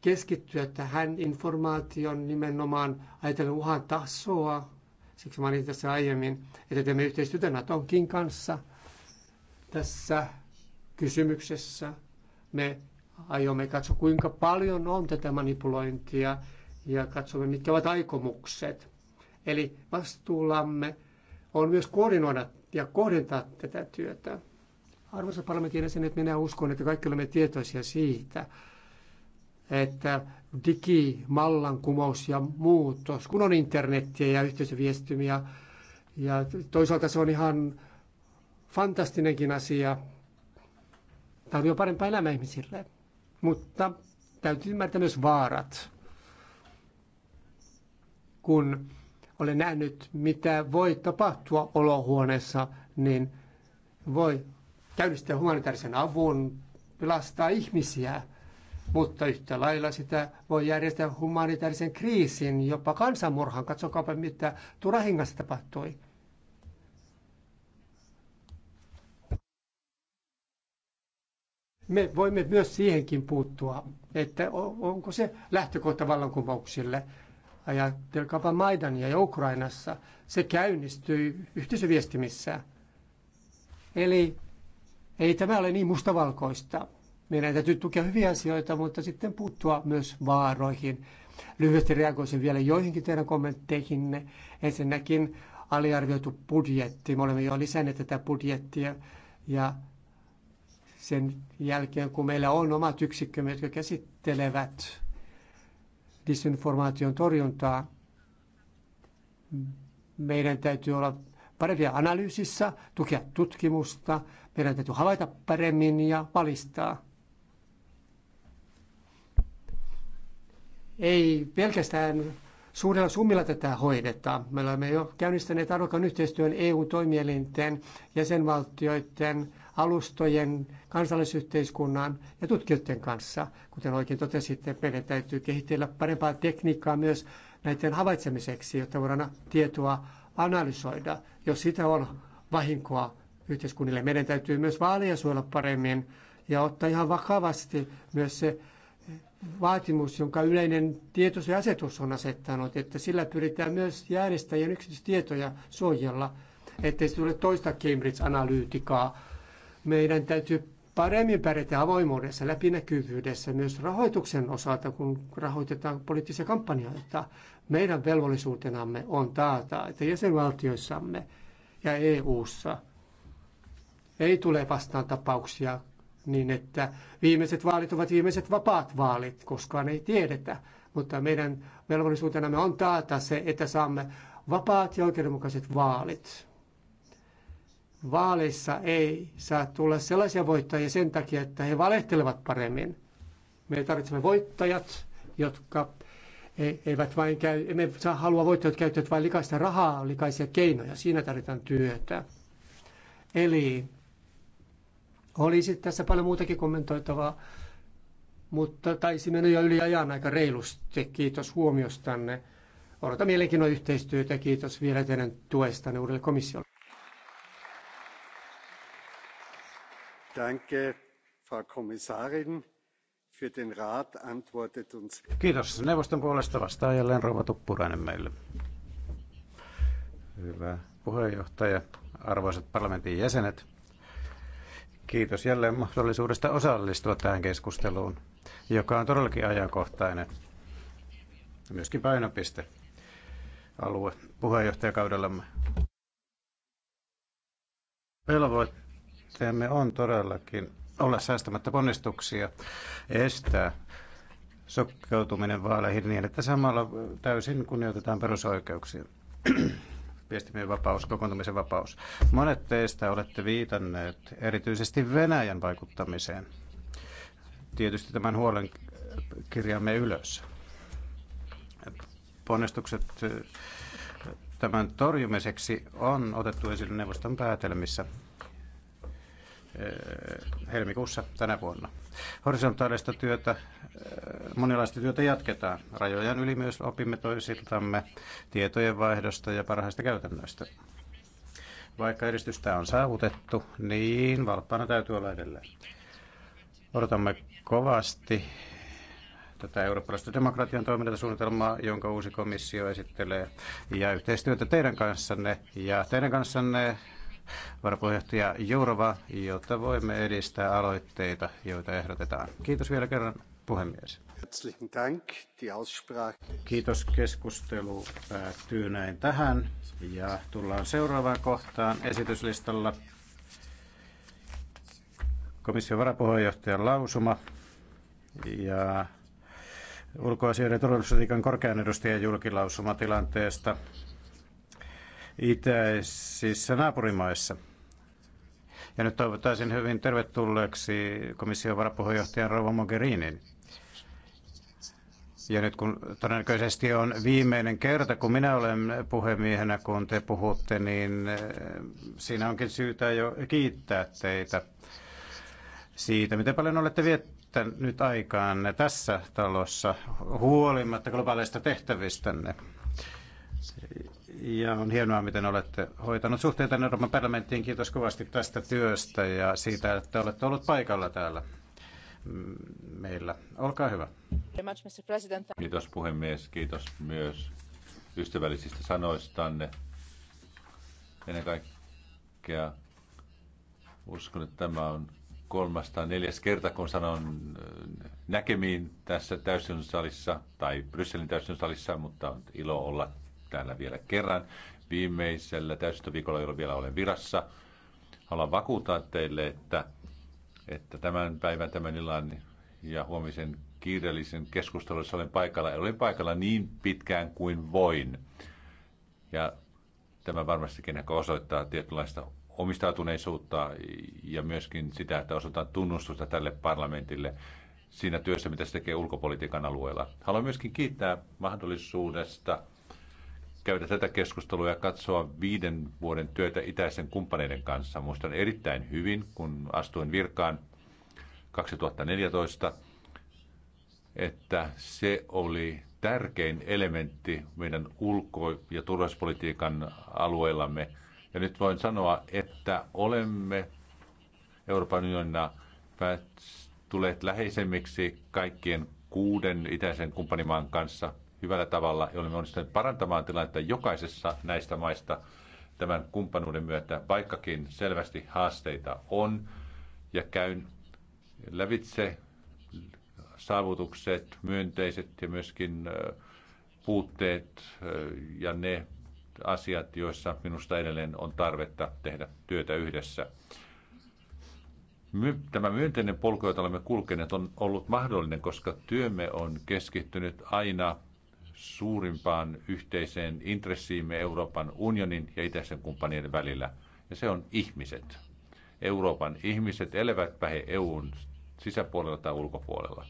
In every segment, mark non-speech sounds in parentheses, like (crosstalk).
keskittyä tähän informaation nimenomaan ajatellen uhan tasoa. Siksi mainitsin tässä aiemmin, että teemme yhteistyötä Natonkin kanssa tässä kysymyksessä. Me aiomme katsoa, kuinka paljon on tätä manipulointia ja katsomme, mitkä ovat aikomukset. Eli vastuullamme on myös koordinoida ja kohdentaa tätä työtä. Arvoisa parlamentin jäsenet, minä uskon, että kaikki olemme tietoisia siitä, että digimallankumous ja muutos, kun on internettiä ja yhteisöviestymiä, Ja toisaalta se on ihan fantastinenkin asia. jo parempaa elämää ihmisille. Mutta täytyy ymmärtää myös vaarat. Kun olen nähnyt, mitä voi tapahtua olohuoneessa, niin voi käynnistää humanitaarisen avun, pelastaa ihmisiä – mutta yhtä lailla sitä voi järjestää humanitaarisen kriisin, jopa kansanmurhan. Katsokaapa, mitä Turahingassa tapahtui. Me voimme myös siihenkin puuttua, että onko se lähtökohta vallankumouksille. Ajatelkaapa Maidania ja Ukrainassa. Se käynnistyi yhteisöviestimissä. Eli ei tämä ole niin mustavalkoista. Meidän täytyy tukea hyviä asioita, mutta sitten puuttua myös vaaroihin. Lyhyesti reagoisin vielä joihinkin teidän kommentteihinne. Ensinnäkin aliarvioitu budjetti. Me olemme jo lisänneet tätä budjettia ja sen jälkeen, kun meillä on omat yksikkömme, jotka käsittelevät disinformaation torjuntaa, meidän täytyy olla parempia analyysissä, tukea tutkimusta, meidän täytyy havaita paremmin ja valistaa. ei pelkästään suurella summilla tätä hoideta. Me olemme jo käynnistäneet arvokkaan yhteistyön EU-toimielinten, jäsenvaltioiden, alustojen, kansallisyhteiskunnan ja tutkijoiden kanssa. Kuten oikein totesitte, meidän täytyy kehitellä parempaa tekniikkaa myös näiden havaitsemiseksi, jotta voidaan tietoa analysoida. Jos sitä on vahinkoa yhteiskunnille, meidän täytyy myös vaalia suojella paremmin ja ottaa ihan vakavasti myös se vaatimus, jonka yleinen tietosuoja-asetus on asettanut, että sillä pyritään myös järjestäjien yksityistietoja suojella, ettei se tule toista Cambridge-analyytikaa. Meidän täytyy paremmin pärjätä avoimuudessa, läpinäkyvyydessä myös rahoituksen osalta, kun rahoitetaan poliittisia kampanjoita. Meidän velvollisuutenamme on taata, että jäsenvaltioissamme ja EU:ssa ei tule vastaan tapauksia, niin että viimeiset vaalit ovat viimeiset vapaat vaalit, koskaan ei tiedetä. Mutta meidän velvollisuutenamme on taata se, että saamme vapaat ja oikeudenmukaiset vaalit. Vaaleissa ei saa tulla sellaisia voittajia sen takia, että he valehtelevat paremmin. Me tarvitsemme voittajat, jotka e, eivät vain käy, emme saa halua voittajat käyttää vain likaista rahaa, likaisia keinoja. Siinä tarvitaan työtä. Eli olisi tässä paljon muutakin kommentoitavaa, mutta taisi mennä jo yli ajan aika reilusti. Kiitos huomiostanne. Odotan mielenkiinnon yhteistyötä ja kiitos vielä teidän tuestanne uudelle komissiolle. Danke, Frau Kommissarin. Für den Rat antwortet uns... Kiitos. Neuvoston puolesta vastaa jälleen Rova Tuppurainen meille. Hyvä puheenjohtaja, arvoisat parlamentin jäsenet. Kiitos jälleen mahdollisuudesta osallistua tähän keskusteluun, joka on todellakin ajankohtainen. Myöskin painopiste alue puheenjohtajakaudellamme. Velvoitteemme on todellakin olla säästämättä ponnistuksia estää sokkeutuminen vaaleihin niin, että samalla täysin kunnioitetaan perusoikeuksia viestimien vapaus, kokoontumisen vapaus. Monet teistä olette viitanneet erityisesti Venäjän vaikuttamiseen. Tietysti tämän huolen kirjaamme ylös. Ponnistukset eh, tämän torjumiseksi on otettu esille neuvoston päätelmissä Eh, helmikuussa tänä vuonna. Horisontaalista työtä, eh, monenlaista työtä jatketaan. Rajojen yli myös opimme toisiltamme tietojen vaihdosta ja parhaista käytännöistä. Vaikka edistystä on saavutettu, niin valppaana täytyy olla edelleen. Odotamme kovasti tätä eurooppalaista demokratian toimintasuunnitelmaa, jonka uusi komissio esittelee, ja yhteistyötä teidän kanssanne ja teidän kanssanne varapuheenjohtaja Jourova, jotta voimme edistää aloitteita, joita ehdotetaan. Kiitos vielä kerran puhemies. Kiitos keskustelu päättyy näin tähän ja tullaan seuraavaan kohtaan esityslistalla. Komission varapuheenjohtajan lausuma ja ulkoasioiden turvallisuuspolitiikan korkean edustajan julkilausuma tilanteesta itäisissä naapurimaissa. Ja nyt toivottaisin hyvin tervetulleeksi komission varapuheenjohtajan Rova Mogherinin. Ja nyt kun todennäköisesti on viimeinen kerta, kun minä olen puhemiehenä, kun te puhutte, niin eh, siinä onkin syytä jo kiittää teitä siitä, miten paljon olette viettänyt aikaan tässä talossa huolimatta globaaleista tehtävistänne. Ja on hienoa, miten olette hoitanut suhteita Euroopan parlamenttiin. Kiitos kovasti tästä työstä ja siitä, että olette ollut paikalla täällä meillä. Olkaa hyvä. Kiitos puhemies, kiitos myös ystävällisistä sanoistanne. Ennen kaikkea uskon, että tämä on kolmas tai neljäs kerta, kun sanon äh, näkemiin tässä salissa tai Brysselin salissa, mutta on ilo olla täällä vielä kerran. Viimeisellä täysistöviikolla, jolloin vielä olen virassa, haluan vakuuttaa teille, että, että tämän päivän, tämän illan ja huomisen kiireellisen keskustelussa olen paikalla. Olin paikalla niin pitkään kuin voin. Ja tämä varmastikin osoittaa tietynlaista omistautuneisuutta ja myöskin sitä, että osoitan tunnustusta tälle parlamentille siinä työssä, mitä se tekee ulkopolitiikan alueella. Haluan myöskin kiittää mahdollisuudesta käydä tätä keskustelua ja katsoa viiden vuoden työtä itäisen kumppaneiden kanssa. Muistan erittäin hyvin, kun astuin virkaan 2014, että se oli tärkein elementti meidän ulko- ja turvallisuuspolitiikan alueellamme. Ja nyt voin sanoa, että olemme Euroopan unionina tulleet läheisemmiksi kaikkien kuuden itäisen kumppanimaan kanssa – hyvällä tavalla ja olemme onnistuneet parantamaan tilannetta jokaisessa näistä maista tämän kumppanuuden myötä, vaikkakin selvästi haasteita on. Ja käyn lävitse saavutukset, myönteiset ja myöskin puutteet ja ne asiat, joissa minusta edelleen on tarvetta tehdä työtä yhdessä. Tämä myönteinen polku, jota olemme kulkeneet, on ollut mahdollinen, koska työmme on keskittynyt aina suurimpaan yhteiseen intressiimme Euroopan unionin ja itäisen kumppanien välillä, ja se on ihmiset. Euroopan ihmiset, elävät he EUn sisäpuolella tai ulkopuolella.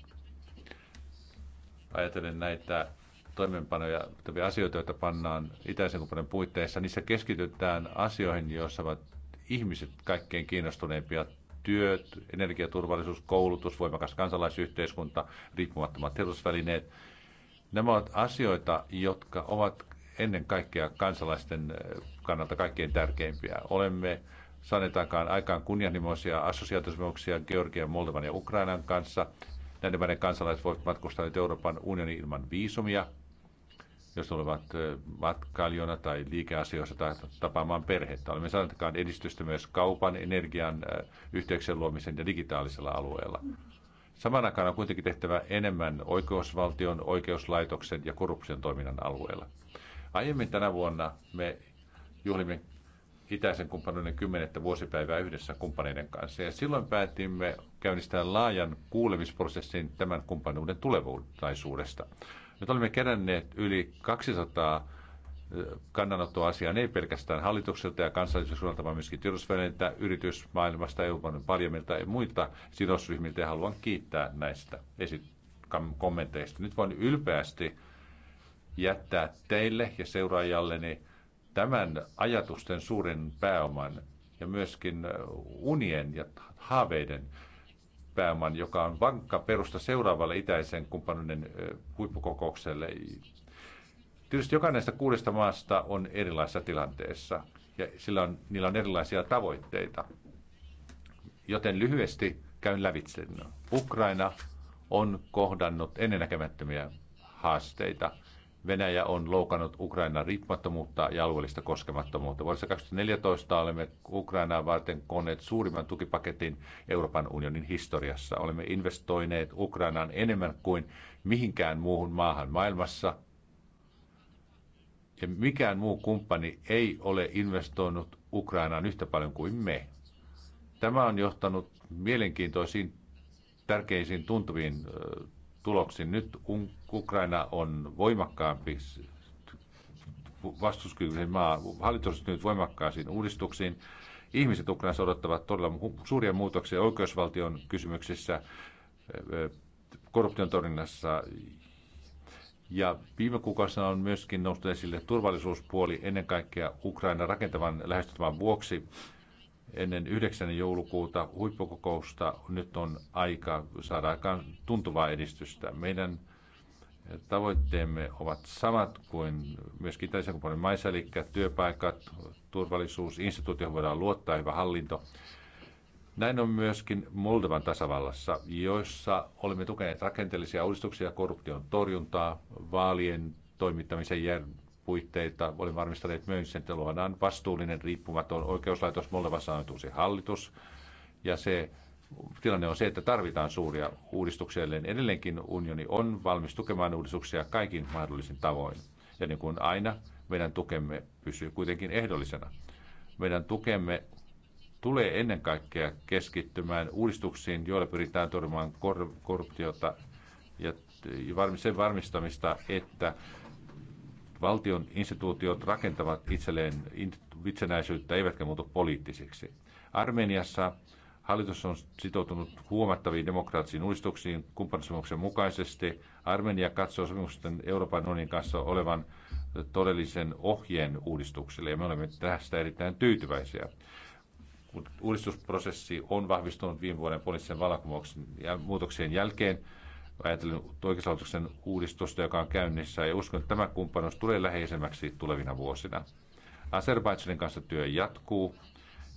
Ajatellen näitä toimenpanoja, asioita, joita pannaan itäisen kumppanin puitteissa, niissä keskitytään asioihin, joissa ovat ihmiset kaikkein kiinnostuneimpia työt, energiaturvallisuus, koulutus, voimakas kansalaisyhteiskunta, riippumattomat tiedotusvälineet, Nämä ovat asioita, jotka ovat ennen kaikkea kansalaisten eh, kannalta kaikkein tärkeimpiä. Olemme saaneet aikaan, kunnianhimoisia assosiaatiosopimuksia Georgian, Moldovan ja Ukrainan kanssa. Näiden maiden kansalaiset voivat matkustaa nyt Euroopan unionin ilman viisumia, jos olivat eh, matkailijana tai liikeasioissa tai tapaamaan perhettä. Olemme saaneet edistystä myös kaupan, energian, eh, yhteyksien luomisen ja digitaalisella alueella. Saman aikaan on kuitenkin tehtävä enemmän oikeusvaltion, oikeuslaitoksen ja korruption toiminnan alueella. Aiemmin tänä vuonna me juhlimme itäisen kumppanuuden kymmenettä vuosipäivää yhdessä kumppaneiden kanssa. Ja silloin päätimme käynnistää laajan kuulemisprosessin tämän kumppanuuden tulevaisuudesta. Nyt olemme keränneet yli 200 kannanottoasiaan ei pelkästään hallitukselta ja suunnalta, vaan myöskin tiedotusvälineiltä, yritysmaailmasta, Euroopan parlamentilta ja muilta sidosryhmiltä. Ja haluan kiittää näistä kommenteista. Nyt voin ylpeästi jättää teille ja seuraajalleni tämän ajatusten suuren pääoman ja myöskin unien ja haaveiden pääoman, joka on vankka perusta seuraavalle itäisen kumppanuuden huippukokoukselle, Tietysti jokainen näistä kuudesta maasta on erilaisessa tilanteessa ja sillä on, niillä on erilaisia tavoitteita. Joten lyhyesti käyn lävitse. Ukraina on kohdannut ennennäkemättömiä haasteita. Venäjä on loukannut Ukrainan riippumattomuutta ja alueellista koskemattomuutta. Vuodessa 2014 olemme Ukrainaa varten koneet suurimman tukipaketin Euroopan unionin historiassa. Olemme investoineet Ukrainaan enemmän kuin mihinkään muuhun maahan maailmassa – ja mikään muu kumppani ei ole investoinut Ukrainaan yhtä paljon kuin me. Tämä on johtanut mielenkiintoisiin, tärkeisiin, tuntuviin tuloksiin. Nyt Ukraina on voimakkaampi vastuskykyisen maa. Hallitus nyt voimakkaisiin uudistuksiin. Ihmiset Ukrainassa odottavat todella suuria muutoksia oikeusvaltion kysymyksissä, korruption torjunnassa ja viime kuukausina on myöskin noussut esille turvallisuuspuoli ennen kaikkea Ukraina rakentavan lähestyttävän vuoksi. Ennen 9. joulukuuta huippukokousta nyt on aika saada aikaan tuntuvaa edistystä. Meidän tavoitteemme ovat samat kuin myöskin itäisen kumppanin maissa, eli työpaikat, turvallisuus, instituutio, voidaan luottaa, hyvä hallinto. Näin on myöskin Moldovan tasavallassa, joissa olemme tukeneet rakenteellisia uudistuksia, korruption torjuntaa, vaalien toimittamisen jär- puitteita. Olemme varmistaneet myös, että luodaan vastuullinen, riippumaton oikeuslaitos. Moldovassa on uusi hallitus. Ja se tilanne on se, että tarvitaan suuria uudistuksia. Edelleenkin unioni on valmis tukemaan uudistuksia kaikin mahdollisin tavoin. Ja niin kuin aina, meidän tukemme pysyy kuitenkin ehdollisena. Meidän tukemme tulee ennen kaikkea keskittymään uudistuksiin, joilla pyritään torjumaan kor- korruptiota ja sen varmistamista, että valtion instituutiot rakentavat itselleen itsenäisyyttä eivätkä muutu poliittisiksi. Armeniassa Hallitus on sitoutunut huomattaviin demokraattisiin uudistuksiin kumppanisopimuksen mukaisesti. Armenia katsoo sopimusten Euroopan unionin kanssa olevan todellisen ohjeen uudistukselle, ja me olemme tästä erittäin tyytyväisiä uudistusprosessi on vahvistunut viime vuoden poliittisen vallankumouksen ja muutoksien jälkeen. Ajatellen oikeuslaitoksen uudistusta, joka on käynnissä, ja uskon, että tämä kumppanuus tulee läheisemmäksi tulevina vuosina. Azerbaidsanin kanssa työ jatkuu,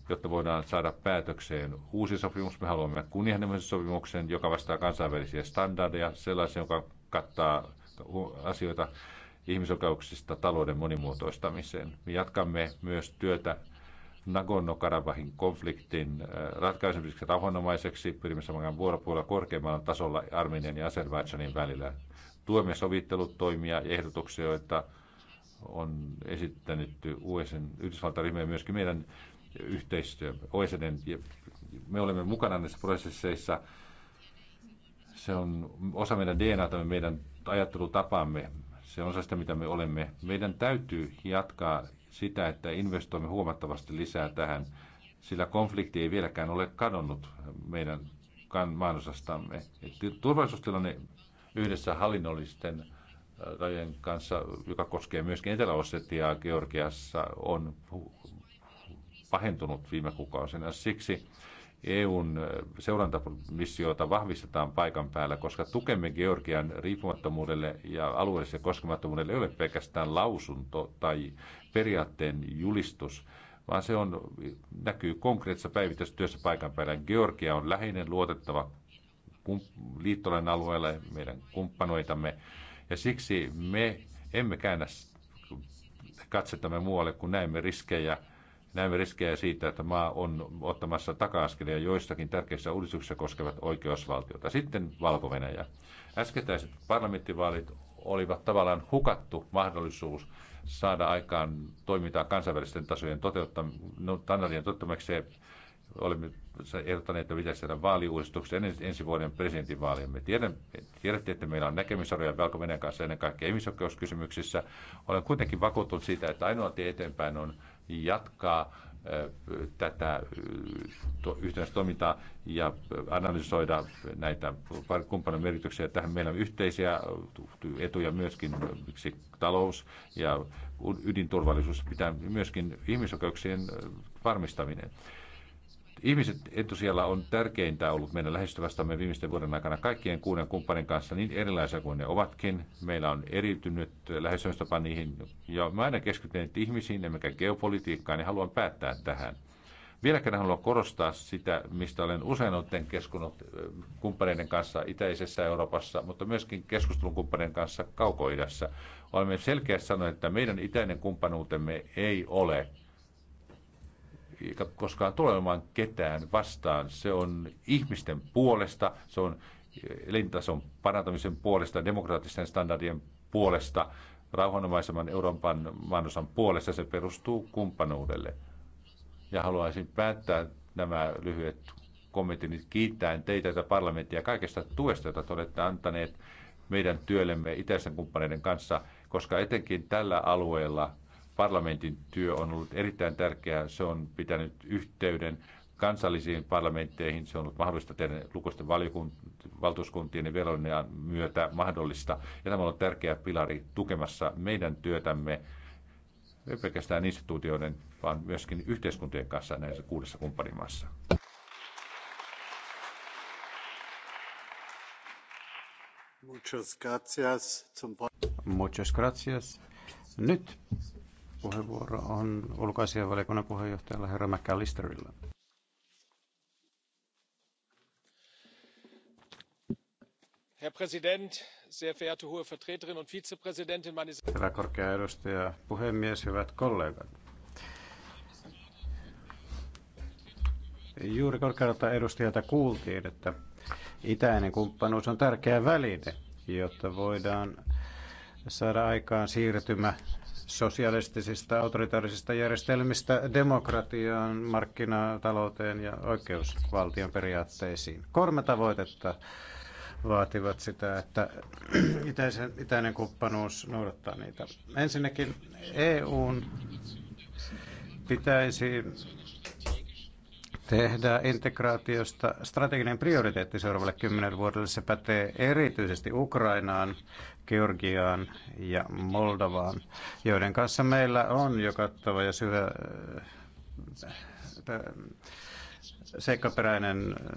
jotta voidaan saada päätökseen uusi sopimus. Me haluamme kunnianhimoisen sopimuksen, joka vastaa kansainvälisiä standardeja, sellaisen, joka kattaa asioita ihmisoikeuksista talouden monimuotoistamiseen. Me jatkamme myös työtä Nagorno-Karabahin konfliktin äh, ratkaisemiseksi rauhanomaiseksi pyrimme samankaan vuoropuolella korkeammalla tasolla Armenian ja Azerbaidžanin välillä. Tuemme sovittelutoimia ja ehdotuksia, joita on esittänyt USN, Yhdysvaltain ja myöskin meidän yhteistyö, OECD. Me olemme mukana näissä prosesseissa. Se on osa meidän DNA:ta, meidän ajattelutapaamme. Se on osa sitä, mitä me olemme. Meidän täytyy jatkaa sitä, että investoimme huomattavasti lisää tähän, sillä konflikti ei vieläkään ole kadonnut meidän maanosastamme. Turvallisuustilanne yhdessä hallinnollisten äh, rajojen kanssa, joka koskee myöskin etelä ja Georgiassa, on pahentunut viime kuukausina. Siksi EUn seurantamissiota vahvistetaan paikan päällä, koska tukemme Georgian riippumattomuudelle ja alueelliselle koskemattomuudelle ei ole pelkästään lausunto tai periaatteen julistus, vaan se on, näkyy konkreettisessa työssä paikan päällä. Georgia on läheinen, luotettava liittolainen alueella meidän kumppanoitamme, ja siksi me emme käännä katsetamme muualle, kun näemme riskejä – Näemme riskejä siitä, että maa on ottamassa taka-askelia joissakin tärkeissä uudistuksissa koskevat oikeusvaltiota. Sitten Valko-Venäjä. Äskettäiset parlamenttivaalit olivat tavallaan hukattu mahdollisuus saada aikaan toimintaa kansainvälisten tasojen toteuttamiseen. No, toteuttamiseksi. Olemme ehdottaneet, että pitäisi saada vaaliuudistuksia ennen ensi vuoden presidentinvaaleja. Me tiedätte, että meillä on näkemysaroja valko kanssa ennen kaikkea ihmisoikeuskysymyksissä. Olen kuitenkin vakuuttunut siitä, että ainoa tie eteenpäin on jatkaa tätä toimintaa ja analysoida näitä kumppanin merkityksiä. Tähän meillä on yhteisiä etuja myöskin, miksi talous ja ydinturvallisuus pitää myöskin ihmisoikeuksien varmistaminen. Ihmiset etusijalla on tärkeintä ollut meidän lähestyvästämme viimeisten vuoden aikana kaikkien kuuden kumppanin kanssa niin erilaisia kuin ne ovatkin. Meillä on eriytynyt lähestymistapa niihin ja mä aina keskityn ihmisiin emmekä geopolitiikkaan niin haluan päättää tähän. Vieläkään haluan korostaa sitä, mistä olen usein otten keskunut eh, kumppaneiden kanssa itäisessä Euroopassa, mutta myöskin keskustelun kumppaneiden kanssa kaukoidassa. Olemme selkeästi sanoneet, että meidän itäinen kumppanuutemme ei ole koskaan tulemaan olemaan ketään vastaan. Se on ihmisten puolesta, se on elintason parantamisen puolesta, demokraattisten standardien puolesta, rauhanomaisemman Euroopan maanosan puolesta. Se perustuu kumppanuudelle. Ja haluaisin päättää nämä lyhyet kommentit kiittäen teitä tätä parlamenttia kaikesta tuesta, jota te olette antaneet meidän työllemme itäisen kumppaneiden kanssa, koska etenkin tällä alueella parlamentin työ on ollut erittäin tärkeää. Se on pitänyt yhteyden kansallisiin parlamentteihin. Se on ollut mahdollista tehdä lukuisten valtuuskuntien ja velonnean myötä mahdollista. Ja tämä on tärkeä pilari tukemassa meidän työtämme, ei pelkästään instituutioiden, vaan myöskin yhteiskuntien kanssa näissä kuudessa kumppanimaassa. Muchas gracias. Muchas gracias. Nyt puheenvuoro on ulkoasianvaliokunnan puheenjohtajalla herra McAllisterilla. Herr Präsident, sehr verehrte hohe Vertreterin und Vizepräsidentin, meine Hyvä korkea edustaja, puhemies, hyvät kollegat. Juuri korkealta edustajalta kuultiin, että itäinen kumppanuus on tärkeä väline, jotta voidaan saada aikaan siirtymä sosialistisista autoritaarisista järjestelmistä demokratiaan, markkinatalouteen ja oikeusvaltion periaatteisiin. Kolme tavoitetta vaativat sitä, että (clears throat) itäisen, itäinen kumppanuus noudattaa niitä. Ensinnäkin EUn pitäisi tehdä integraatiosta strateginen prioriteetti seuraavalle kymmenen vuodelle. Se pätee erityisesti Ukrainaan, Georgiaan ja Moldovaan, joiden kanssa meillä on jo kattava ja syvä äh, seikkaperäinen äh,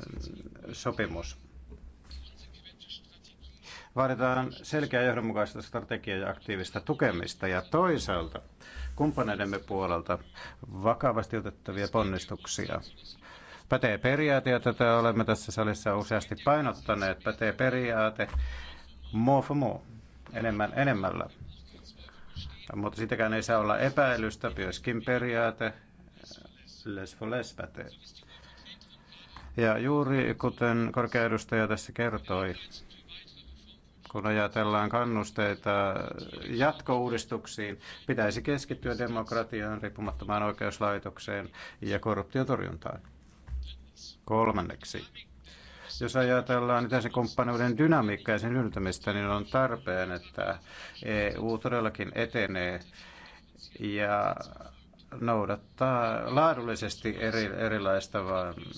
sopimus. Vaaditaan selkeää johdonmukaista strategiaa ja aktiivista tukemista ja toisaalta kumppaneidemme puolelta vakavasti otettavia ponnistuksia Pätee periaate, jota te olemme tässä salissa useasti painottaneet, pätee periaate more for more, enemmän enemmällä. Mutta sitäkään ei saa olla epäilystä, myöskin periaate less for less pätee. Ja juuri kuten korkea edustaja tässä kertoi, kun ajatellaan kannusteita jatkouudistuksiin, pitäisi keskittyä demokratiaan, riippumattomaan oikeuslaitokseen ja korruption torjuntaan. Kolmanneksi, jos ajatellaan se kumppanuuden dynamiikkaa ja sen yltämistä, niin on tarpeen, että EU todellakin etenee ja noudattaa laadullisesti eri, erilaista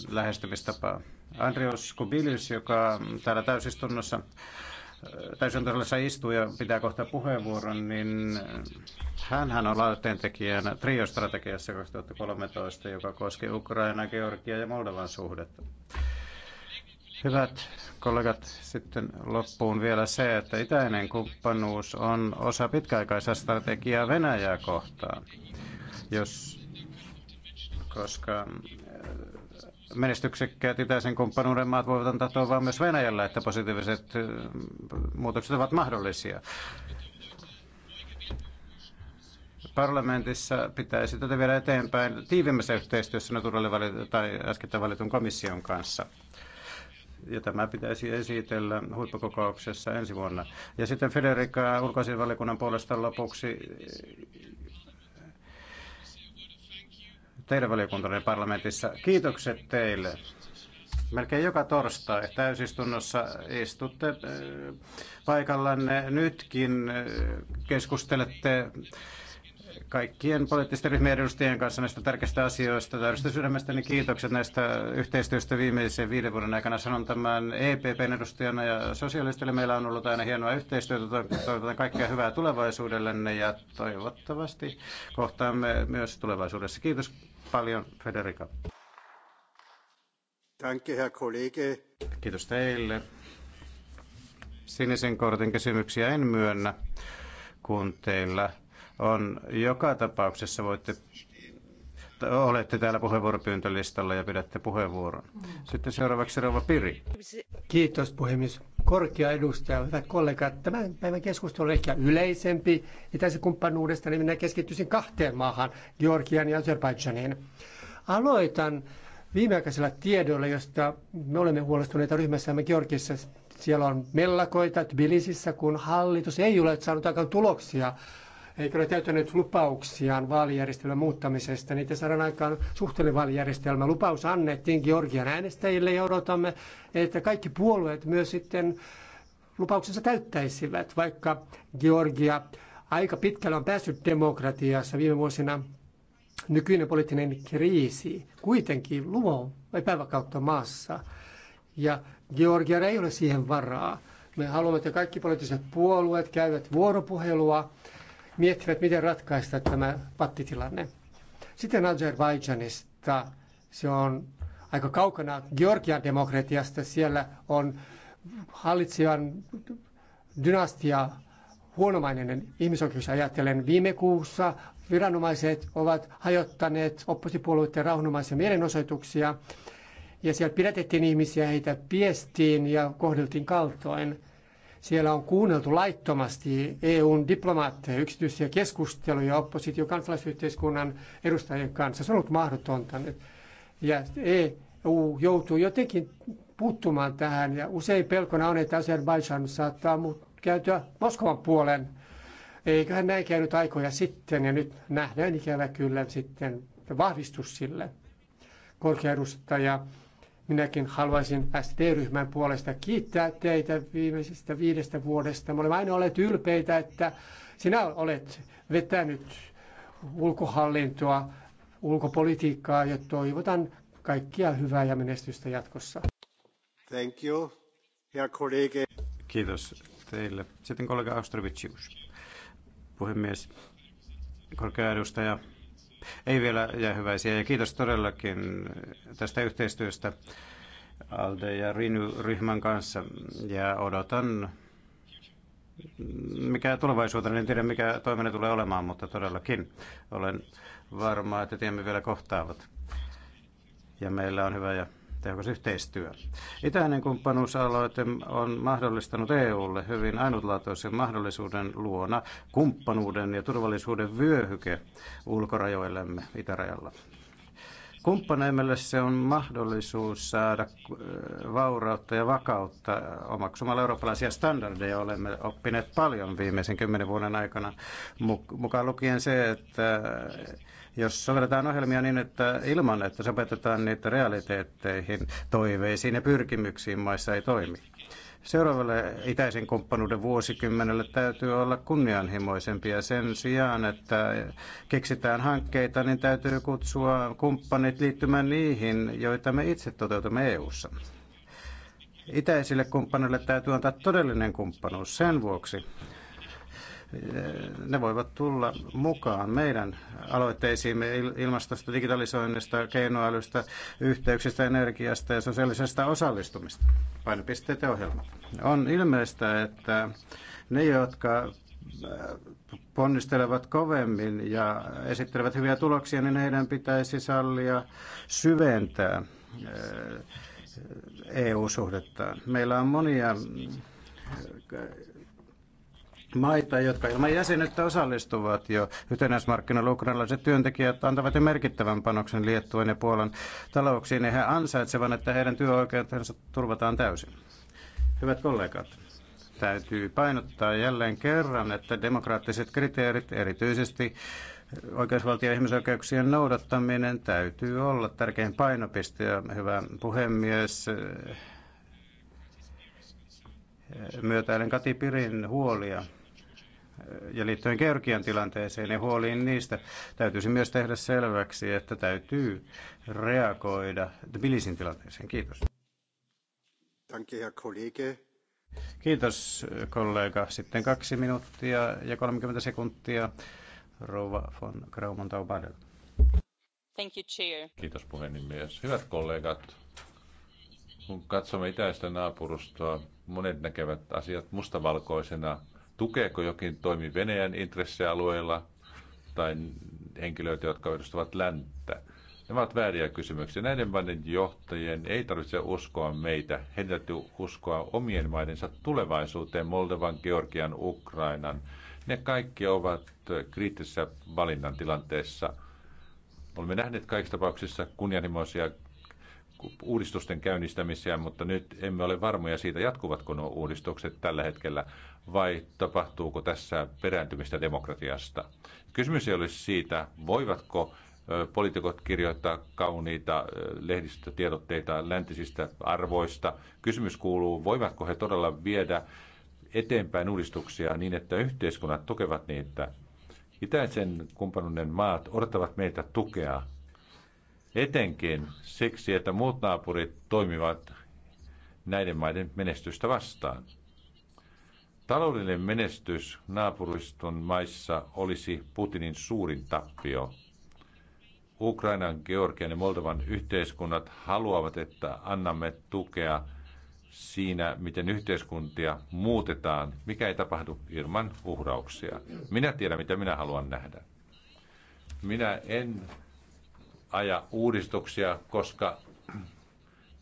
lähestymistapaa. Andrius Kubilis, joka täällä täysistunnossa täysistuntosalissa istuu ja pitää kohta puheenvuoron, niin hän on laiteentekijänä triostrategiassa 2013, joka koski Ukraina, Georgia ja Moldovan suhdetta. Hyvät kollegat, sitten loppuun vielä se, että itäinen kumppanuus on osa pitkäaikaista strategiaa Venäjää kohtaan, jos, koska menestyksekkäät itäisen kumppanuuden maat voivat antaa toivoa myös Venäjällä, että positiiviset muutokset ovat mahdollisia. Parlamentissa pitäisi tätä viedä eteenpäin tiivimmässä yhteistyössä naturaalivali- tai äskettä valitun komission kanssa. Ja tämä pitäisi esitellä huippukokouksessa ensi vuonna. Ja sitten Federica ulkoasianvaliokunnan puolesta lopuksi teidän valiokuntanne parlamentissa. Kiitokset teille. Melkein joka torstai täysistunnossa istutte äh, paikallanne. Nytkin äh, keskustelette kaikkien poliittisten ryhmien edustajien kanssa näistä tärkeistä asioista. Täydestä sydämestäni niin kiitokset näistä yhteistyöstä viimeisen viiden vuoden aikana. Sanon tämän EPPn edustajana ja sosialistille. Meillä on ollut aina hienoa yhteistyötä. Toivotan kaikkea hyvää tulevaisuudellenne ja toivottavasti kohtaamme myös tulevaisuudessa. Kiitos paljon, Federica. Danke, Herr Kollege. Kiitos teille. Sinisen kortin kysymyksiä en myönnä, kun teillä on joka tapauksessa voitte olette täällä puheenvuoropyyntölistalla ja pidätte puheenvuoron. Sitten seuraavaksi Rova Piri. Kiitos puhemies. Korkea edustaja, hyvät kollegat. Tämän päivän keskustelu on ehkä yleisempi. Itäisen kumppanuudesta niin minä keskittyisin kahteen maahan, Georgian ja Azerbaidžaniin. Aloitan viimeaikaisella tiedolla, josta me olemme huolestuneita ryhmässämme Georgiassa. Siellä on mellakoita Tbilisissä, kun hallitus ei ole saanut aikaan tuloksia ei ole täyttänyt lupauksiaan vaalijärjestelmän muuttamisesta. Niitä saadaan aikaan suhteellinen vaalijärjestelmä. Lupaus annettiin Georgian äänestäjille ja odotamme, että kaikki puolueet myös sitten lupauksensa täyttäisivät, vaikka Georgia aika pitkällä on päässyt demokratiassa viime vuosina nykyinen poliittinen kriisi kuitenkin luo epävakautta maassa. Ja Georgia ei ole siihen varaa. Me haluamme, että kaikki poliittiset puolueet käyvät vuoropuhelua miettivät, miten ratkaista tämä pattitilanne. Sitten Azerbaidžanista. Se on aika kaukana Georgian demokratiasta. Siellä on hallitsijan dynastia huonomainen ihmisoikeus ajatellen. Viime kuussa viranomaiset ovat hajottaneet oppositipuolueiden rauhanomaisia mielenosoituksia ja siellä pidätettiin ihmisiä, heitä piestiin ja kohdeltiin kaltoin. Siellä on kuunneltu laittomasti EUn diplomaatteja, yksityisiä keskusteluja oppositio- kansalaisyhteiskunnan edustajien kanssa. Se on ollut mahdotonta Ja EU joutuu jotenkin puuttumaan tähän. Ja usein pelkona on, että Azerbaijan saattaa käytyä Moskovan puolen. Eiköhän näin käynyt aikoja sitten ja nyt nähdään ikävä kyllä sitten vahvistus sille. Korkea Minäkin haluaisin sd ryhmän puolesta kiittää teitä viimeisestä viidestä vuodesta. Me olemme aina olleet ylpeitä, että sinä olet vetänyt ulkohallintoa, ulkopolitiikkaa ja toivotan kaikkia hyvää ja menestystä jatkossa. Thank you, Herr Kollege. Kiitos teille. Sitten kollega Austrovicius. Puhemies, korkea edustaja, ei vielä jää hyväisiä. Ja kiitos todellakin tästä yhteistyöstä ALDE ja Rinu-ryhmän kanssa. Ja odotan, mikä tulevaisuutena, en tiedä mikä toiminen tulee olemaan, mutta todellakin olen varma, että tiemme vielä kohtaavat. Ja meillä on hyvä ja tehokas yhteistyö. Itäinen kumppanuusaloite on mahdollistanut EUlle hyvin ainutlaatuisen mahdollisuuden luona kumppanuuden ja turvallisuuden vyöhyke ulkorajoillemme itärajalla. Kumppaneimelle se on mahdollisuus saada äh, vaurautta ja vakautta omaksumalla eurooppalaisia standardeja. Olemme oppineet paljon viimeisen kymmenen vuoden aikana, mukaan lukien se, että jos sovelletaan ohjelmia niin, että ilman, että sopetetaan niitä realiteetteihin, toiveisiin ja pyrkimyksiin maissa ei toimi. Seuraavalle itäisen kumppanuuden vuosikymmenelle täytyy olla kunnianhimoisempia. Sen sijaan, että keksitään hankkeita, niin täytyy kutsua kumppanit liittymään niihin, joita me itse toteutamme EU:ssa. Itäisille kumppaneille täytyy antaa todellinen kumppanuus sen vuoksi ne voivat tulla mukaan meidän aloitteisiimme ilmastosta, digitalisoinnista, keinoälystä, yhteyksistä, energiasta ja sosiaalisesta osallistumista. Painopisteet ja ohjelmat. On ilmeistä, että ne, jotka äh, ponnistelevat kovemmin ja esittelevät hyviä tuloksia, niin heidän pitäisi sallia syventää äh, EU-suhdettaan. Meillä on monia äh, maita, jotka ilman jäsenyyttä osallistuvat jo yhtenäismarkkinoilla. Ukrainalaiset työntekijät antavat jo merkittävän panoksen Liettuan ja Puolan talouksiin, ja he ansaitsevat, että heidän työoikeutensa turvataan täysin. Hyvät kollegat, täytyy painottaa jälleen kerran, että demokraattiset kriteerit, erityisesti oikeusvaltio- ja ihmisoikeuksien noudattaminen, täytyy olla tärkein painopiste. Ja hyvä puhemies, myötäilen Kati Pirin huolia ja liittyen Georgian tilanteeseen ja huoliin niistä, täytyisi myös tehdä selväksi, että täytyy reagoida Tbilisin tilanteeseen. Kiitos. Danke, Herr Kollege. Kiitos kollega. Sitten kaksi minuuttia ja 30 sekuntia rouva von Graumontau Thank you, chair. Kiitos puhemies. Hyvät kollegat, kun katsomme itäistä naapurustoa, monet näkevät asiat mustavalkoisena – tukeeko jokin toimi Venäjän intressialueella tai henkilöitä, jotka edustavat länttä. Nämä ovat vääriä kysymyksiä. Näiden maiden johtajien ei tarvitse uskoa meitä. Heidän täytyy uskoa omien maidensa tulevaisuuteen, Moldovan, Georgian, Ukrainan. Ne kaikki ovat kriittisessä valinnan tilanteessa. Olemme nähneet kaikissa tapauksissa kunnianhimoisia uudistusten käynnistämisiä, mutta nyt emme ole varmoja siitä, jatkuvatko nuo uudistukset tällä hetkellä vai tapahtuuko tässä perääntymistä demokratiasta? Kysymys ei ole siitä, voivatko poliitikot kirjoittaa kauniita lehdistötiedotteita läntisistä arvoista. Kysymys kuuluu, voivatko he todella viedä eteenpäin uudistuksia niin, että yhteiskunnat tukevat niitä. Itäisen kumppanuuden maat odottavat meitä tukea, etenkin siksi, että muut naapurit toimivat näiden maiden menestystä vastaan. Taloudellinen menestys naapuriston maissa olisi Putinin suurin tappio. Ukrainan, Georgian ja Moldovan yhteiskunnat haluavat, että annamme tukea siinä, miten yhteiskuntia muutetaan, mikä ei tapahdu ilman uhrauksia. Minä tiedän, mitä minä haluan nähdä. Minä en aja uudistuksia, koska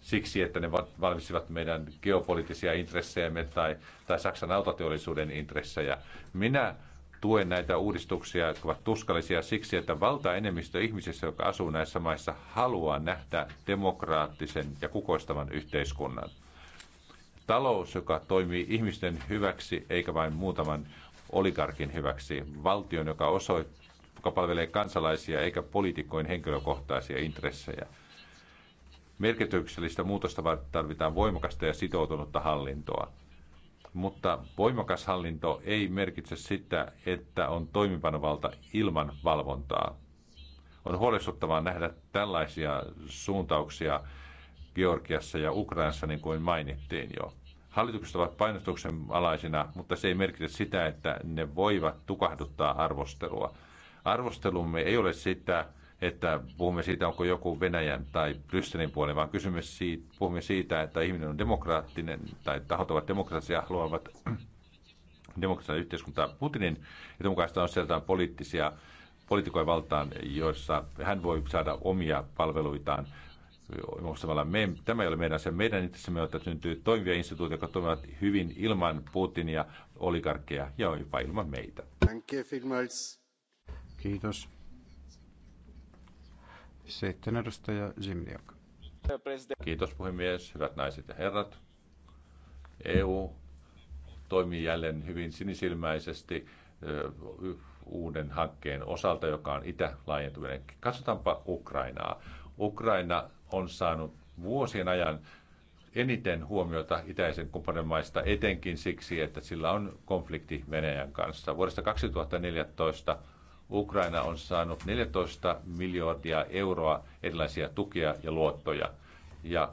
siksi, että ne valmistivat meidän geopoliittisia intressejämme tai, tai Saksan autoteollisuuden intressejä. Minä tuen näitä uudistuksia, jotka ovat tuskallisia siksi, että valtaenemmistö ihmisistä, jotka asuu näissä maissa, haluaa nähdä demokraattisen ja kukoistavan yhteiskunnan. Talous, joka toimii ihmisten hyväksi eikä vain muutaman oligarkin hyväksi, valtion, joka osoittaa joka palvelee kansalaisia eikä poliitikkojen henkilökohtaisia intressejä. Merkityksellistä muutosta tarvitaan voimakasta ja sitoutunutta hallintoa. Mutta voimakas hallinto ei merkitse sitä, että on toimipanovalta ilman valvontaa. On huolestuttavaa nähdä tällaisia suuntauksia Georgiassa ja Ukrainassa, niin kuin mainittiin jo. Hallitukset ovat painostuksen alaisina, mutta se ei merkitse sitä, että ne voivat tukahduttaa arvostelua. Arvostelumme ei ole sitä, että puhumme siitä, onko joku Venäjän tai Brysselin puolen, vaan kysymys siitä, puhumme siitä, että ihminen on demokraattinen tai tahot ovat demokraattisia, haluavat (clears throat) demokratian yhteiskuntaa. Putinin ja mukaista on sieltä poliittisia poliitikoja valtaan, joissa hän voi saada omia palveluitaan me, tämä ei ole meidän se meidän me että syntyy toimivia instituutioita, jotka toimivat hyvin ilman Putinia, oligarkkeja ja jopa ilman meitä. Kiitos. Sitten edustaja Zimniak. Kiitos puhemies, hyvät naiset ja herrat. EU toimii jälleen hyvin sinisilmäisesti uuden hankkeen osalta, joka on itälaajentuminen. Katsotaanpa Ukrainaa. Ukraina on saanut vuosien ajan eniten huomiota itäisen kumppanin maista, etenkin siksi, että sillä on konflikti Venäjän kanssa. Vuodesta 2014 Ukraina on saanut 14 miljardia euroa erilaisia tukia ja luottoja. Ja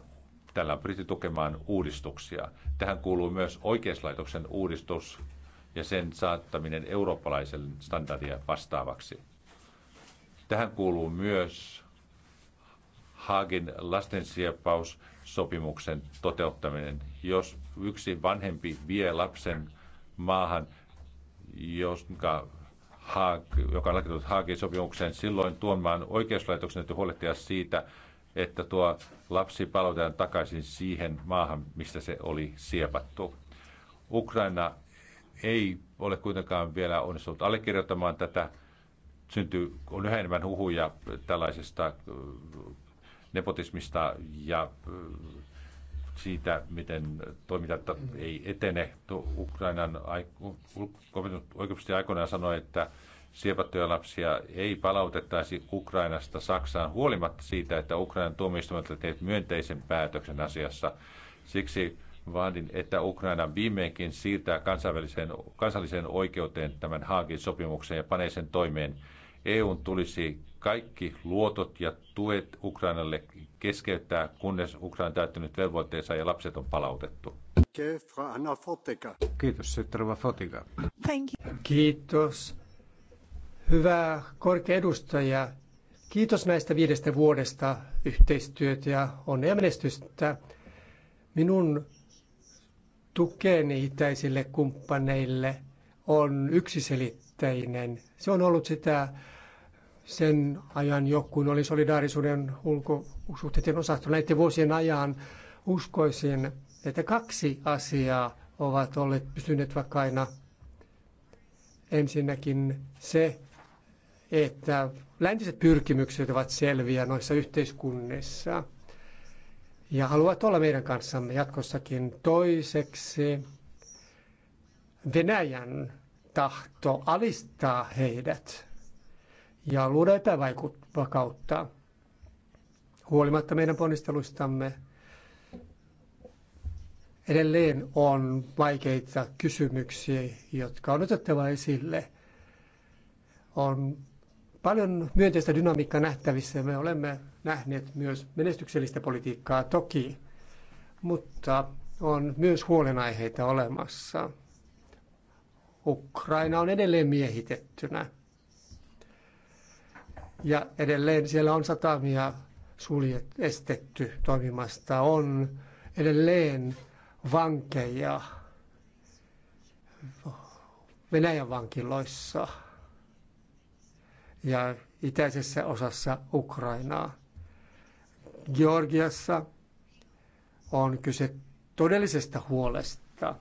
tällä on pyritty tukemaan uudistuksia. Tähän kuuluu myös oikeuslaitoksen uudistus ja sen saattaminen eurooppalaisen standardia vastaavaksi. Tähän kuuluu myös Haagin lastensieppaussopimuksen toteuttaminen. Jos yksi vanhempi vie lapsen maahan, jonka Haag, joka on lakitunut Haagin sopimukseen, silloin maan oikeuslaitoksen täytyy huolehtia siitä, että tuo lapsi palautetaan takaisin siihen maahan, mistä se oli siepattu. Ukraina ei ole kuitenkaan vielä onnistunut allekirjoittamaan tätä. Syntyy, on yhä enemmän huhuja tällaisesta äh, nepotismista ja äh, siitä, miten toiminta ei etene. Ukrainan oikeuksien aikoinaan sanoi, että siepattuja lapsia ei palautettaisi Ukrainasta Saksaan huolimatta siitä, että Ukrainan tuomioistuimet teet myönteisen päätöksen asiassa. Siksi vaadin, että Ukraina viimeinkin siirtää kansainväliseen, kansalliseen oikeuteen tämän Haagin sopimuksen ja panee sen toimeen. EUn tulisi kaikki luotot ja tuet Ukrainalle keskeyttää, kunnes Ukraina on täyttänyt velvoitteensa ja lapset on palautettu. Kiitos, Sytrova Fotika. Kiitos. Hyvä korkea edustaja. Kiitos näistä viidestä vuodesta yhteistyötä ja onnea menestystä. Minun tukeni itäisille kumppaneille on yksiselitteinen. Se on ollut sitä sen ajan jo, kun oli solidaarisuuden ulkosuhteiden osasto näiden vuosien ajan, uskoisin, että kaksi asiaa ovat olleet pysyneet aina. Ensinnäkin se, että läntiset pyrkimykset ovat selviä noissa yhteiskunnissa ja haluavat olla meidän kanssamme jatkossakin. Toiseksi Venäjän tahto alistaa heidät ja luoda epävakautta. Huolimatta meidän ponnisteluistamme edelleen on vaikeita kysymyksiä, jotka on otettava esille. On paljon myönteistä dynamiikkaa nähtävissä. Me olemme nähneet myös menestyksellistä politiikkaa toki, mutta on myös huolenaiheita olemassa. Ukraina on edelleen miehitettynä. Ja edelleen siellä on satamia suljet, estetty toimimasta. On edelleen vankeja Venäjän vankiloissa ja itäisessä osassa Ukrainaa. Georgiassa on kyse todellisesta huolesta.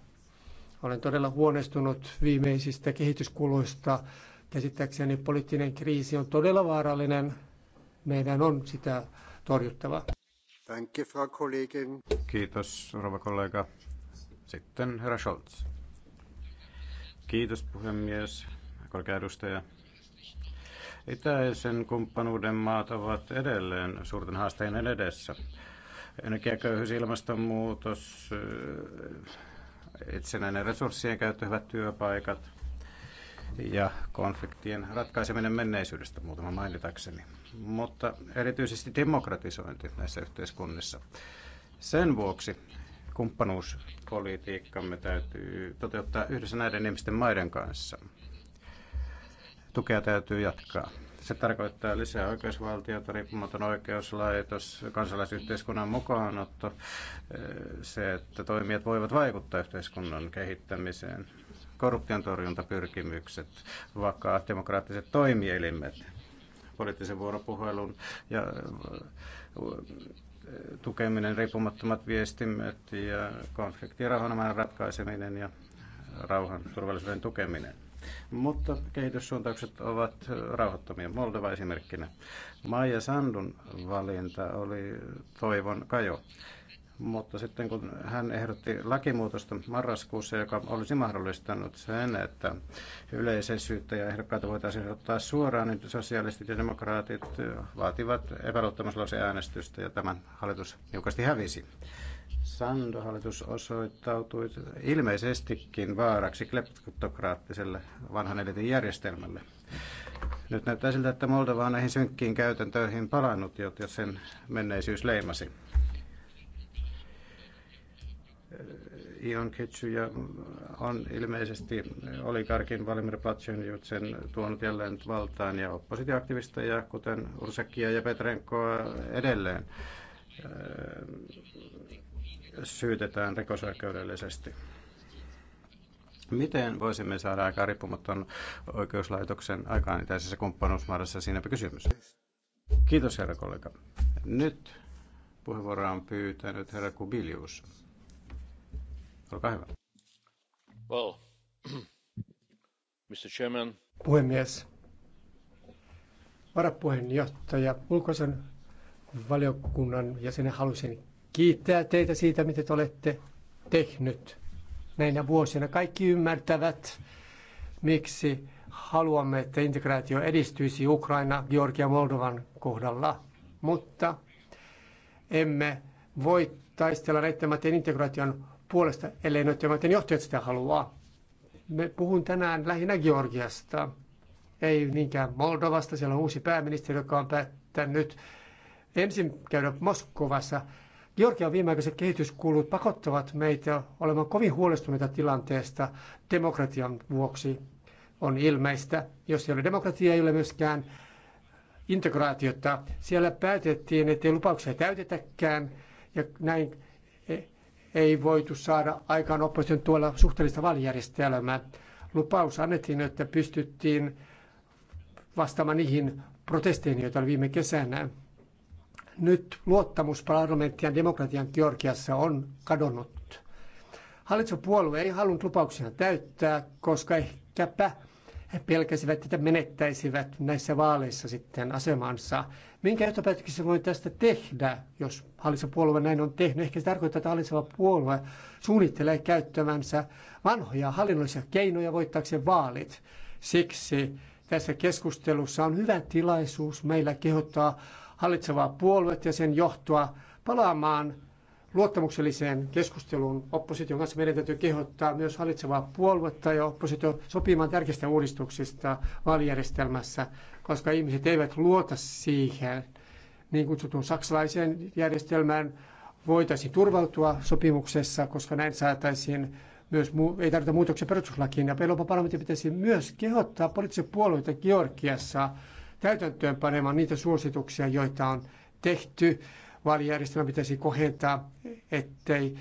Olen todella huolestunut viimeisistä kehityskuluista Käsittääkseni poliittinen kriisi on todella vaarallinen. Meidän on sitä torjuttava. Kiitos, rouva kollega. Sitten herra Scholz. Kiitos, puhemies, korkea edustaja. Itäisen kumppanuuden maat ovat edelleen suurten haasteiden edessä. Energiaköyhyys, ilmastonmuutos, itsenäinen resurssien käyttö, hyvät työpaikat, ja konfliktien ratkaiseminen menneisyydestä muutama mainitakseni, mutta erityisesti demokratisointi näissä yhteiskunnissa. Sen vuoksi kumppanuuspolitiikkamme täytyy toteuttaa yhdessä näiden ihmisten maiden kanssa. Tukea täytyy jatkaa. Se tarkoittaa lisää oikeusvaltiota, riippumaton oikeuslaitos, kansalaisyhteiskunnan mukaanotto, se, että toimijat voivat vaikuttaa yhteiskunnan kehittämiseen, korruption torjuntapyrkimykset, vakaat demokraattiset toimielimet, poliittisen vuoropuhelun ja äh, tukeminen, riippumattomat viestimet ja konfliktien rauhanomainen ratkaiseminen ja rauhan turvallisuuden tukeminen. Mutta kehityssuuntaukset ovat äh, rauhoittomia. Moldova esimerkkinä. Maija Sandun valinta oli toivon kajo. Mutta sitten kun hän ehdotti lakimuutosta marraskuussa, joka olisi mahdollistanut sen, että yleisen ja ehdokkaita voitaisiin ottaa suoraan, niin sosiaalistit ja demokraatit vaativat epäluottamuslausen äänestystä ja tämän hallitus niukasti hävisi. Sando-hallitus osoittautui ilmeisestikin vaaraksi kleptokraattiselle vanhan elitin järjestelmälle. Nyt näyttää siltä, että Moldova on näihin synkkiin käytäntöihin palannut, jotta sen menneisyys leimasi. Ion Ketsuja on ilmeisesti oligarkin Vladimir sen tuonut jälleen valtaan ja oppositioaktivisteja, kuten Ursakia ja Petrenkoa edelleen äh, syytetään rikosoikeudellisesti. Miten voisimme saada aikaan riippumaton oikeuslaitoksen aikaan itäisessä kumppanuusmaadassa? Siinäpä kysymys. Kiitos herra kollega. Nyt puheenvuoroa on pyytänyt herra Kubilius. Olkaa hyvä. Well, (clears throat) Mr. Chairman. Puhemies, varapuheenjohtaja, ulkoisen valiokunnan jäsenen halusin kiittää teitä siitä, mitä te olette tehnyt näinä vuosina. Kaikki ymmärtävät, miksi haluamme, että integraatio edistyisi Ukraina, Georgia, Moldovan kohdalla, mutta emme voi taistella näiden integraation puolesta, ellei noiden maiden johtajat sitä halua. Me puhun tänään lähinnä Georgiasta, ei niinkään Moldovasta. Siellä on uusi pääministeri, joka on päättänyt ensin käydä Moskovassa. Georgian viimeaikaiset kehityskulut pakottavat meitä olemaan kovin huolestuneita tilanteesta demokratian vuoksi. On ilmeistä, jos ei ole demokratiaa, ei ole myöskään integraatiota. Siellä päätettiin, että ei lupauksia täytetäkään ja näin ei voitu saada aikaan opposition tuolla suhteellista vaalijärjestelmää. Lupaus annettiin, että pystyttiin vastaamaan niihin protesteihin, joita oli viime kesänä. Nyt luottamus parlamenttia ja demokratian Georgiassa on kadonnut. Hallituspuolue ei halunnut lupauksia täyttää, koska ehkäpä he pelkäsivät, että menettäisivät näissä vaaleissa sitten asemansa. Minkä johtopäätöksen voi tästä tehdä, jos hallitseva puolue näin on tehnyt? Ehkä se tarkoittaa, että hallitseva puolue suunnittelee käyttämänsä vanhoja hallinnollisia keinoja voittaakseen vaalit. Siksi tässä keskustelussa on hyvä tilaisuus meillä kehottaa hallitsevaa puoluetta ja sen johtoa palaamaan luottamukselliseen keskusteluun opposition kanssa meidän täytyy kehottaa myös hallitsevaa puoluetta ja oppositio sopimaan tärkeistä uudistuksista vaalijärjestelmässä, koska ihmiset eivät luota siihen niin kutsutun saksalaiseen järjestelmään voitaisiin turvautua sopimuksessa, koska näin saataisiin myös, ei tarvita muutoksia perustuslakiin, ja Euroopan parlamentti pitäisi myös kehottaa poliittisia puolueita Georgiassa täytäntöön panemaan niitä suosituksia, joita on tehty vaalijärjestelmä pitäisi kohentaa, ettei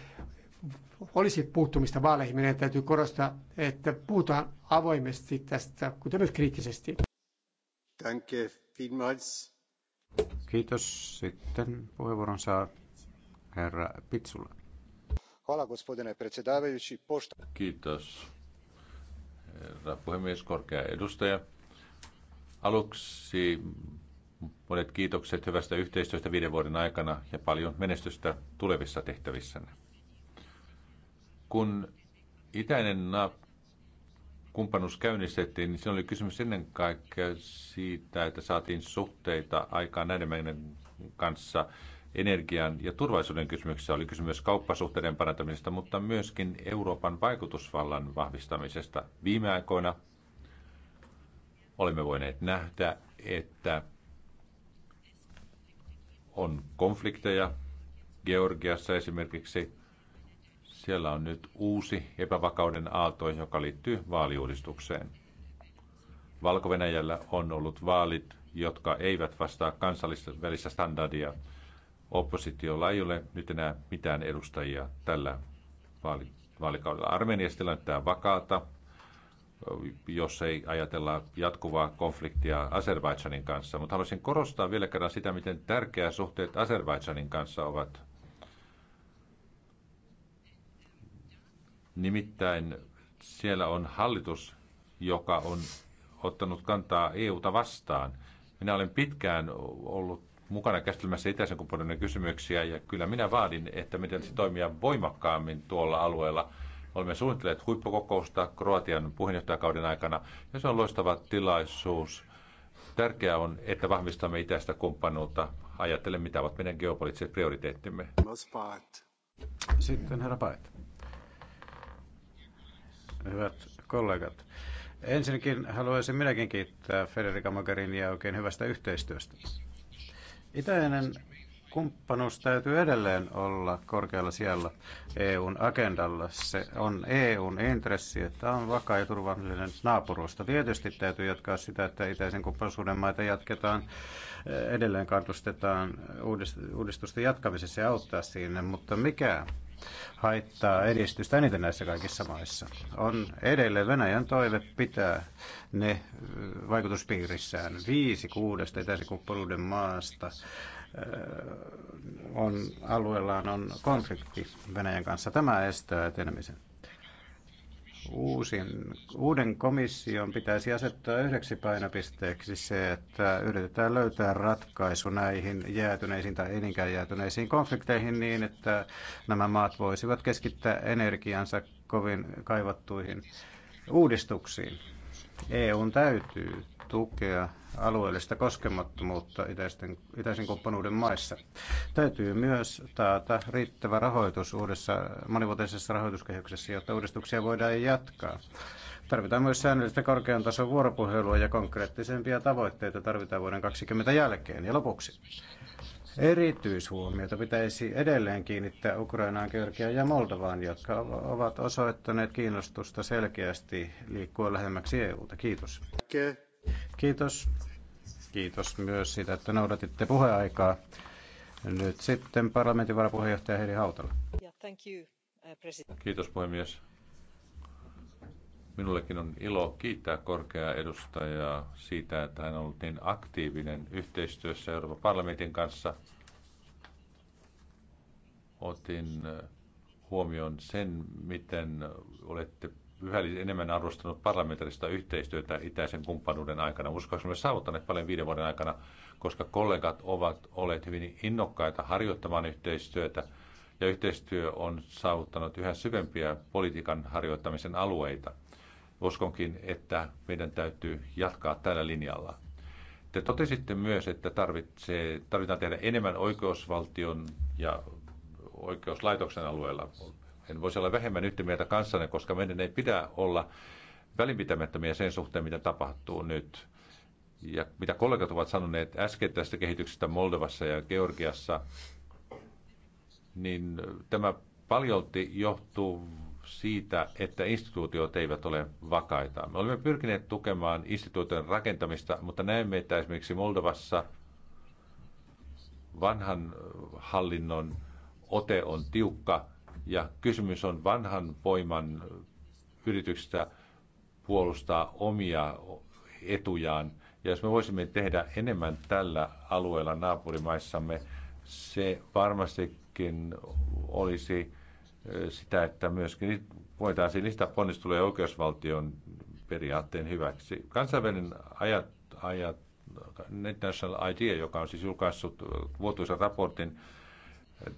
olisi puuttumista vaaleihin. Meidän täytyy korostaa, että puhutaan avoimesti tästä, kuten myös kriittisesti. Danke vielmals. Kiitos. Sitten puheenvuoron saa herra Pitsula. Hvala gospodine predsjedavajući. Pošta... Kiitos. Herra puhemies, korkea edustaja. Aluksi Monet kiitokset hyvästä yhteistyöstä viiden vuoden aikana ja paljon menestystä tulevissa tehtävissänne. Kun itäinen kumppanuus käynnistettiin, niin siinä oli kysymys ennen kaikkea siitä, että saatiin suhteita aikaan näiden meidän kanssa energian ja turvallisuuden kysymyksissä. Oli kysymys kauppasuhteiden parantamisesta, mutta myöskin Euroopan vaikutusvallan vahvistamisesta. Viime aikoina olemme voineet nähdä, että on konflikteja. Georgiassa esimerkiksi siellä on nyt uusi epävakauden aalto, joka liittyy vaaliuudistukseen. valko on ollut vaalit, jotka eivät vastaa kansallista välistä standardia. Oppositiolla ei ole nyt enää mitään edustajia tällä vaalikaudella. Armeniassa tilanne vakaata jos ei ajatella jatkuvaa konfliktia Azerbaidžanin kanssa. Mutta haluaisin korostaa vielä kerran sitä, miten tärkeä suhteet Azerbaidžanin kanssa ovat. Nimittäin siellä on hallitus, joka on ottanut kantaa EUta vastaan. Minä olen pitkään ollut mukana käsittelemässä itäisen kumppanuuden kysymyksiä ja kyllä minä vaadin, että miten se toimia voimakkaammin tuolla alueella – Olemme suunnitelleet huippukokousta Kroatian puheenjohtajakauden aikana ja se on loistava tilaisuus. Tärkeää on, että vahvistamme itäistä kumppanuutta. Ajattelen, mitä ovat meidän geopoliittiset prioriteettimme. Sitten herra Paet. Hyvät kollegat. Ensinnäkin haluaisin minäkin kiittää Federica Mogherinia oikein hyvästä yhteistyöstä. Itäinen Kumppanuus täytyy edelleen olla korkealla siellä EUn agendalla. Se on EUn intressi, että on vakaa ja turvallinen naapurusta. Tietysti täytyy jatkaa sitä, että itäisen kumppanuuden maita jatketaan, edelleen kannustetaan uudistusten jatkamisessa ja auttaa siinä, mutta mikä haittaa edistystä eniten näissä kaikissa maissa. On edelleen Venäjän toive pitää ne vaikutuspiirissään viisi kuudesta kumppanuuden maasta on, alueellaan on konflikti Venäjän kanssa. Tämä estää etenemisen. Uusin, uuden komission pitäisi asettaa yhdeksi painopisteeksi se, että yritetään löytää ratkaisu näihin jäätyneisiin tai eninkään jäätyneisiin konflikteihin niin, että nämä maat voisivat keskittää energiansa kovin kaivattuihin uudistuksiin EUn täytyy tukea alueellista koskemattomuutta itäisten, itäisen kumppanuuden maissa. Täytyy myös taata riittävä rahoitus uudessa monivuotisessa rahoituskehyksessä, jotta uudistuksia voidaan jatkaa. Tarvitaan myös säännöllistä korkean tason vuoropuhelua ja konkreettisempia tavoitteita tarvitaan vuoden 2020 jälkeen. Ja lopuksi Erityishuomiota pitäisi edelleen kiinnittää Ukrainaan, Georgiaan ja Moldovaan, jotka ovat osoittaneet kiinnostusta selkeästi liikkua lähemmäksi EUta. Kiitos. Kiitos. Kiitos myös siitä, että noudatitte puheaikaa. Nyt sitten parlamentin varapuheenjohtaja Heidi Hautala. Uh, Kiitos puhemies. Minullekin on ilo kiittää korkeaa edustajaa siitä, että hän on ollut niin aktiivinen yhteistyössä Euroopan parlamentin kanssa. Otin äh, huomioon sen, miten olette yhä enemmän arvostanut parlamentaarista yhteistyötä itäisen kumppanuuden aikana. Uskoakseni olemme saavuttaneet paljon viiden vuoden aikana, koska kollegat ovat olleet hyvin innokkaita harjoittamaan yhteistyötä ja yhteistyö on saavuttanut yhä syvempiä politiikan harjoittamisen alueita. Uskonkin, että meidän täytyy jatkaa tällä linjalla. Te totesitte myös, että tarvitsee, tarvitaan tehdä enemmän oikeusvaltion ja oikeuslaitoksen alueella. En voisi olla vähemmän yhtä mieltä kanssanne, koska meidän ei pidä olla välinpitämättömiä sen suhteen, mitä tapahtuu nyt. Ja mitä kollegat ovat sanoneet äsken tästä kehityksestä Moldovassa ja Georgiassa, niin tämä paljolti johtuu siitä, että instituutiot eivät ole vakaita. Me olemme pyrkineet tukemaan instituutioiden rakentamista, mutta näemme, että esimerkiksi Moldovassa vanhan hallinnon ote on tiukka ja kysymys on vanhan voiman yrityksestä puolustaa omia etujaan. Ja jos me voisimme tehdä enemmän tällä alueella naapurimaissamme, se varmastikin olisi sitä, että myöskin voitaisiin lisätä ponnisteluja oikeusvaltion periaatteen hyväksi. Kansainvälinen ajat, ajat, International Idea, joka on siis julkaissut vuotuisen raportin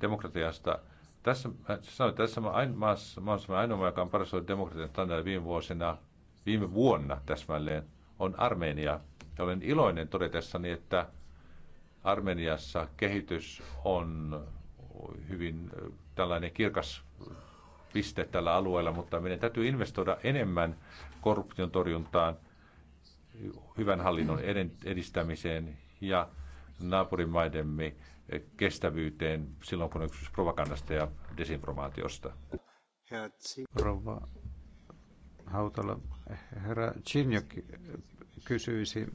demokratiasta, tässä, sanoin, tässä maassa, maassa ainoa, joka on parantanut demokratian standardia viime vuosina, viime vuonna täsmälleen, on Armenia. Ja olen iloinen todetessani, että Armeniassa kehitys on hyvin tällainen kirkas piste tällä alueella, mutta meidän täytyy investoida enemmän korruption torjuntaan, hyvän hallinnon edistämiseen ja naapurimaidemme kestävyyteen silloin, kun on kysymys propagandasta ja desinformaatiosta. Rova Hautala, herra Chinjok kysyisi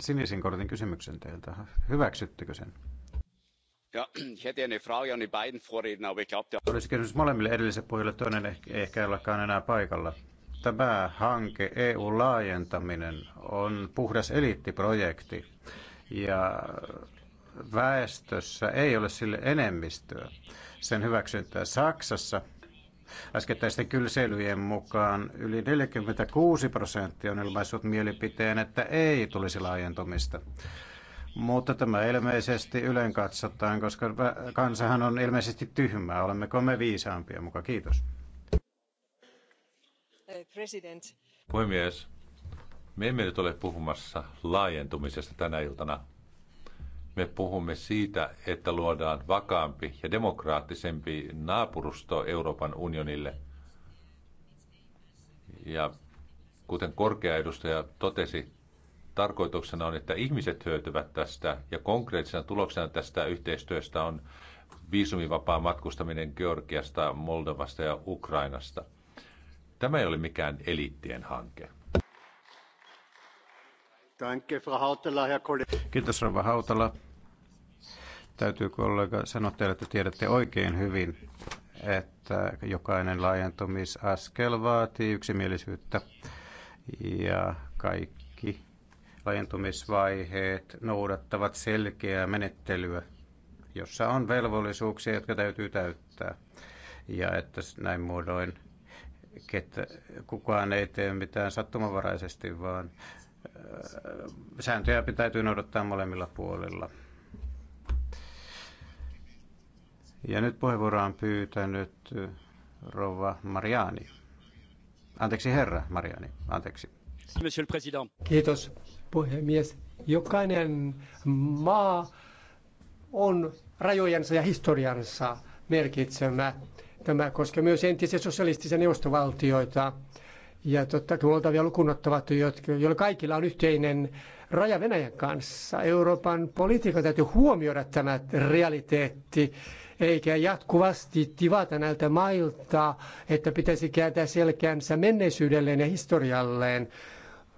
sinisen kortin kysymyksen teiltä. Hyväksyttekö sen? Olisi kysymys molemmille edellisille puhujille, toinen ei ehkä olekaan enää paikalla. Tämä hanke, EU-laajentaminen, on puhdas eliittiprojekti ja väestössä ei ole sille enemmistöä. Sen hyväksyntää Saksassa Äskettäisten kyselyjen mukaan yli 46 prosenttia on ilmaissut mielipiteen, että ei tulisi laajentumista. Mutta tämä ilmeisesti ylen katsotaan, koska kansahan on ilmeisesti tyhmää. Olemmeko me viisaampia muka? Kiitos. Eh, president. Puhemies, me emme nyt ole puhumassa laajentumisesta tänä iltana. Me puhumme siitä, että luodaan vakaampi ja demokraattisempi naapurusto Euroopan unionille. Ja kuten korkea edustaja totesi, tarkoituksena on, että ihmiset hyötyvät tästä ja konkreettisena tuloksena tästä yhteistyöstä on viisumivapaa matkustaminen Georgiasta, Moldovasta ja Ukrainasta. Tämä ei ole mikään eliittien hanke. Kiitos Rova Hautala. Täytyy kollega sanoa teille, että tiedätte oikein hyvin, että jokainen laajentumisaskel vaatii yksimielisyyttä ja kaikki laajentumisvaiheet noudattavat selkeää menettelyä, jossa on velvollisuuksia, jotka täytyy täyttää. Ja että näin muodoin että kukaan ei tee mitään sattumavaraisesti, vaan sääntöjä täytyy noudattaa molemmilla puolilla. Ja nyt puheenvuoro on pyytänyt rouva Mariani. Anteeksi, herra Mariani. Anteeksi. Monsieur le Président. Kiitos puhemies. Jokainen maa on rajojensa ja historiansa merkitsemä. Tämä koskee myös entisiä sosialistisia neuvostovaltioita. Ja totta kai Moldavia lukuun joilla kaikilla on yhteinen raja Venäjän kanssa. Euroopan politiikan täytyy huomioida tämä realiteetti, eikä jatkuvasti tivata näiltä mailta, että pitäisi kääntää selkänsä menneisyydelleen ja historialleen.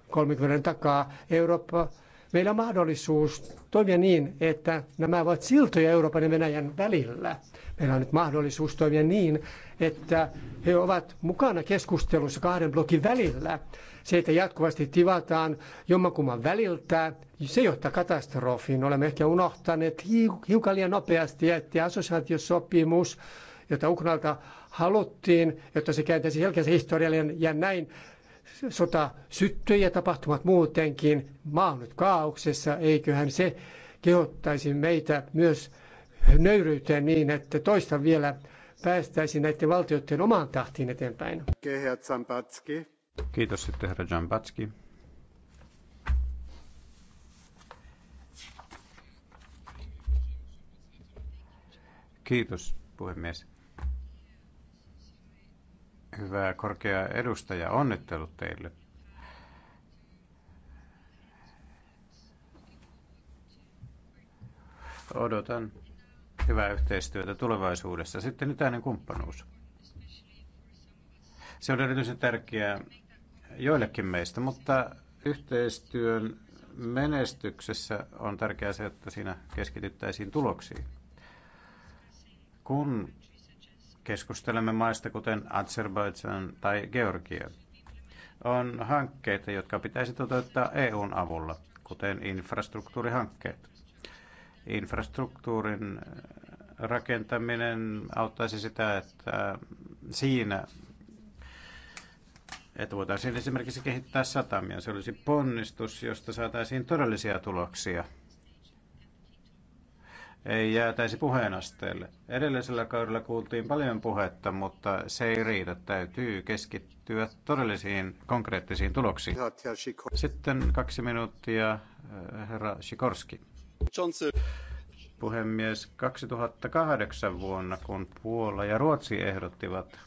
30 takaa Eurooppa. Meillä on mahdollisuus toimia niin, että nämä ovat siltoja Euroopan ja Venäjän välillä. Meillä on nyt mahdollisuus toimia niin, että he ovat mukana keskustelussa kahden blokin välillä. Se, että jatkuvasti tivataan jommankumman väliltä, se johtaa katastrofiin. Olemme ehkä unohtaneet hiukan liian nopeasti, että assosiaatiosopimus jota Ukrainalta haluttiin, jotta se kääntäisi jälkeensä historiallinen ja näin sota syttyi ja tapahtumat muutenkin. Maa on nyt kaauksessa, eiköhän se kehottaisi meitä myös nöyryyteen niin, että toista vielä päästäisiin näiden valtioiden omaan tahtiin eteenpäin. Kiitos sitten herra Jambatski. Kiitos puhemies. Hyvä korkea edustaja, onnittelut teille. Odotan hyvää yhteistyötä tulevaisuudessa. Sitten itäinen kumppanuus. Se on erityisen tärkeää joillekin meistä, mutta yhteistyön menestyksessä on tärkeää se, että siinä keskityttäisiin tuloksiin. Kun keskustelemme maista kuten Azerbaidžan tai Georgia. On hankkeita, jotka pitäisi toteuttaa EUn avulla, kuten infrastruktuurihankkeet. Infrastruktuurin äh, rakentaminen auttaisi sitä, että siinä että voitaisiin esimerkiksi kehittää satamia. Se olisi ponnistus, josta saataisiin todellisia tuloksia ei jäätäisi puheenasteelle. Edellisellä kaudella kuultiin paljon puhetta, mutta se ei riitä. Täytyy keskittyä todellisiin konkreettisiin tuloksiin. Sitten kaksi minuuttia, äh, herra Sikorski. Puhemies, 2008 vuonna, kun Puola ja Ruotsi ehdottivat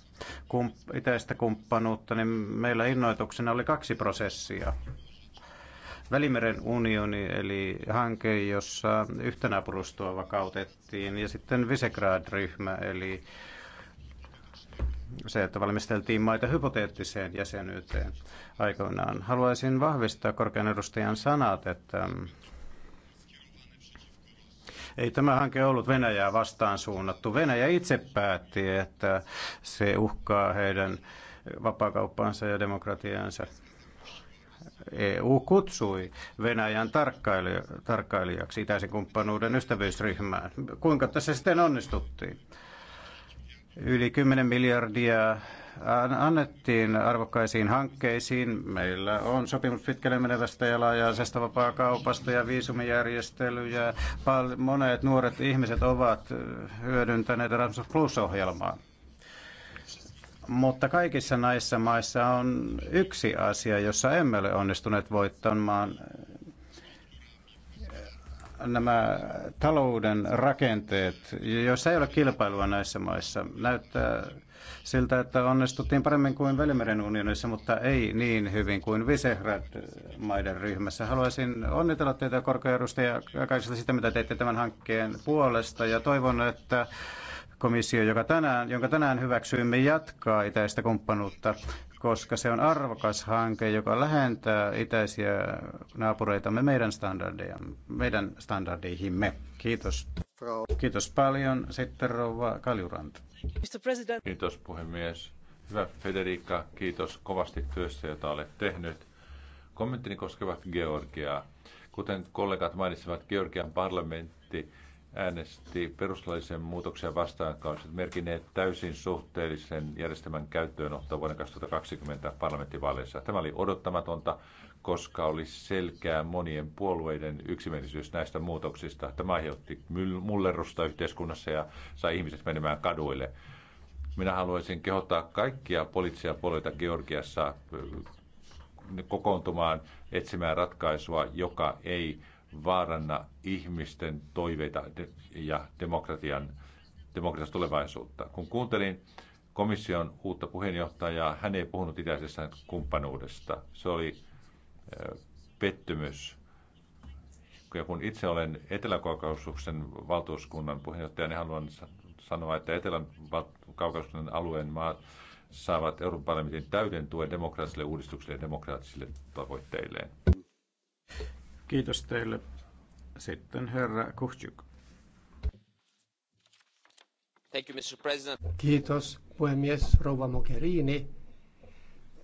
itäistä kumppanuutta, niin meillä innoituksena oli kaksi prosessia. Välimeren unioni, eli hanke, jossa yhtenä purustua vakautettiin, ja sitten Visegrad-ryhmä, eli se, että valmisteltiin maita hypoteettiseen jäsenyyteen aikoinaan. Haluaisin vahvistaa korkean edustajan sanat, että ei tämä hanke ollut Venäjää vastaan suunnattu. Venäjä itse päätti, että se uhkaa heidän vapaakauppaansa ja demokratiansa. EU kutsui Venäjän tarkkailijaksi itäisen kumppanuuden ystävyysryhmään. Kuinka tässä sitten onnistuttiin? Yli 10 miljardia annettiin arvokkaisiin hankkeisiin. Meillä on sopimus pitkälle menevästä ja laajaisesta vapaakaupasta ja viisumijärjestelyjä. Monet nuoret ihmiset ovat hyödyntäneet Erasmus Plus-ohjelmaa. Mutta kaikissa näissä maissa on yksi asia, jossa emme ole onnistuneet voittamaan nämä talouden rakenteet, joissa ei ole kilpailua näissä maissa. Näyttää siltä, että onnistuttiin paremmin kuin Välimeren unionissa, mutta ei niin hyvin kuin Visegrad-maiden ryhmässä. Haluaisin onnitella teitä korkea ja kaikista sitä, mitä teitte tämän hankkeen puolesta ja toivon, että komissio, joka tänään, jonka tänään hyväksyimme, jatkaa itäistä kumppanuutta, koska se on arvokas hanke, joka lähentää itäisiä naapureitamme meidän, standardeja, meidän standardeihimme. Kiitos. Kiitos paljon. Sitten rouva Kaljuranta. Kiitos puhemies. Hyvä Federica, kiitos kovasti työstä, jota olet tehnyt. Kommenttini koskevat Georgiaa. Kuten kollegat mainitsivat, Georgian parlamentti äänesti perustuslaillisen muutoksen vastaan kanssa siis merkineet täysin suhteellisen järjestelmän käyttöönottoa vuoden 2020 parlamenttivaaleissa. Tämä oli odottamatonta, koska oli selkeää monien puolueiden yksimielisyys näistä muutoksista. Tämä aiheutti Mullerusta yhteiskunnassa ja sai ihmiset menemään kaduille. Minä haluaisin kehottaa kaikkia poliittisia puolueita Georgiassa äh, kokoontumaan etsimään ratkaisua, joka ei vaaranna ihmisten toiveita ja demokratian, demokratian tulevaisuutta. Kun kuuntelin komission uutta puheenjohtajaa, hän ei puhunut itäisessä kumppanuudesta. Se oli pettymys. Ja kun itse olen Etelä-Kaukasuksen valtuuskunnan puheenjohtaja, niin haluan sanoa, että Etelä-Kaukasuksen alueen maat saavat Euroopan parlamentin täyden tuen demokraattisille uudistuksille ja demokraattisille tavoitteilleen. Kiitos teille. Sitten herra Kuhtjuk. Thank you, Mr. President. Kiitos puhemies Rouva Mogherini.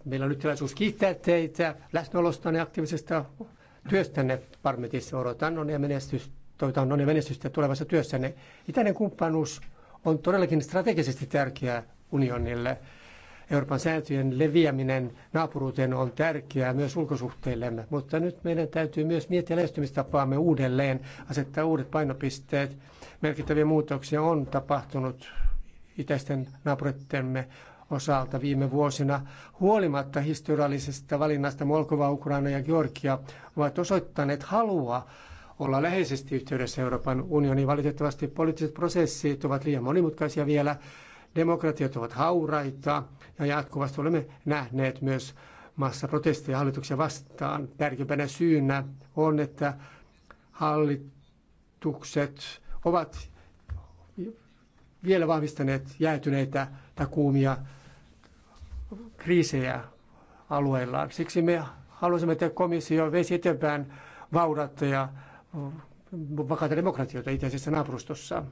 Meillä on nyt tilaisuus kiittää teitä ja aktiivisesta työstänne Parmetissa. Odotan onnea menestystä, toivotan onnea menestystä tulevassa työssänne. Itäinen kumppanuus on todellakin strategisesti tärkeä unionille. Euroopan sääntöjen leviäminen naapuruuteen on tärkeää myös ulkosuhteillemme, mutta nyt meidän täytyy myös miettiä lähestymistapaamme uudelleen, asettaa uudet painopisteet. Merkittäviä muutoksia on tapahtunut itäisten naapureittemme osalta viime vuosina. Huolimatta historiallisesta valinnasta Molkova, Ukraina ja Georgia ovat osoittaneet halua olla läheisesti yhteydessä Euroopan unioniin. Valitettavasti poliittiset prosessit ovat liian monimutkaisia vielä Demokratiat ovat hauraita ja jatkuvasti olemme nähneet myös massaprotesteja hallituksia vastaan. Tärkeimpänä syynä on, että hallitukset ovat vielä vahvistaneet jäätyneitä tai kuumia kriisejä alueillaan. Siksi me haluaisimme, että komissio veisi eteenpäin vaurautta ja vakaata demokratioita itse asiassa naapurustossa.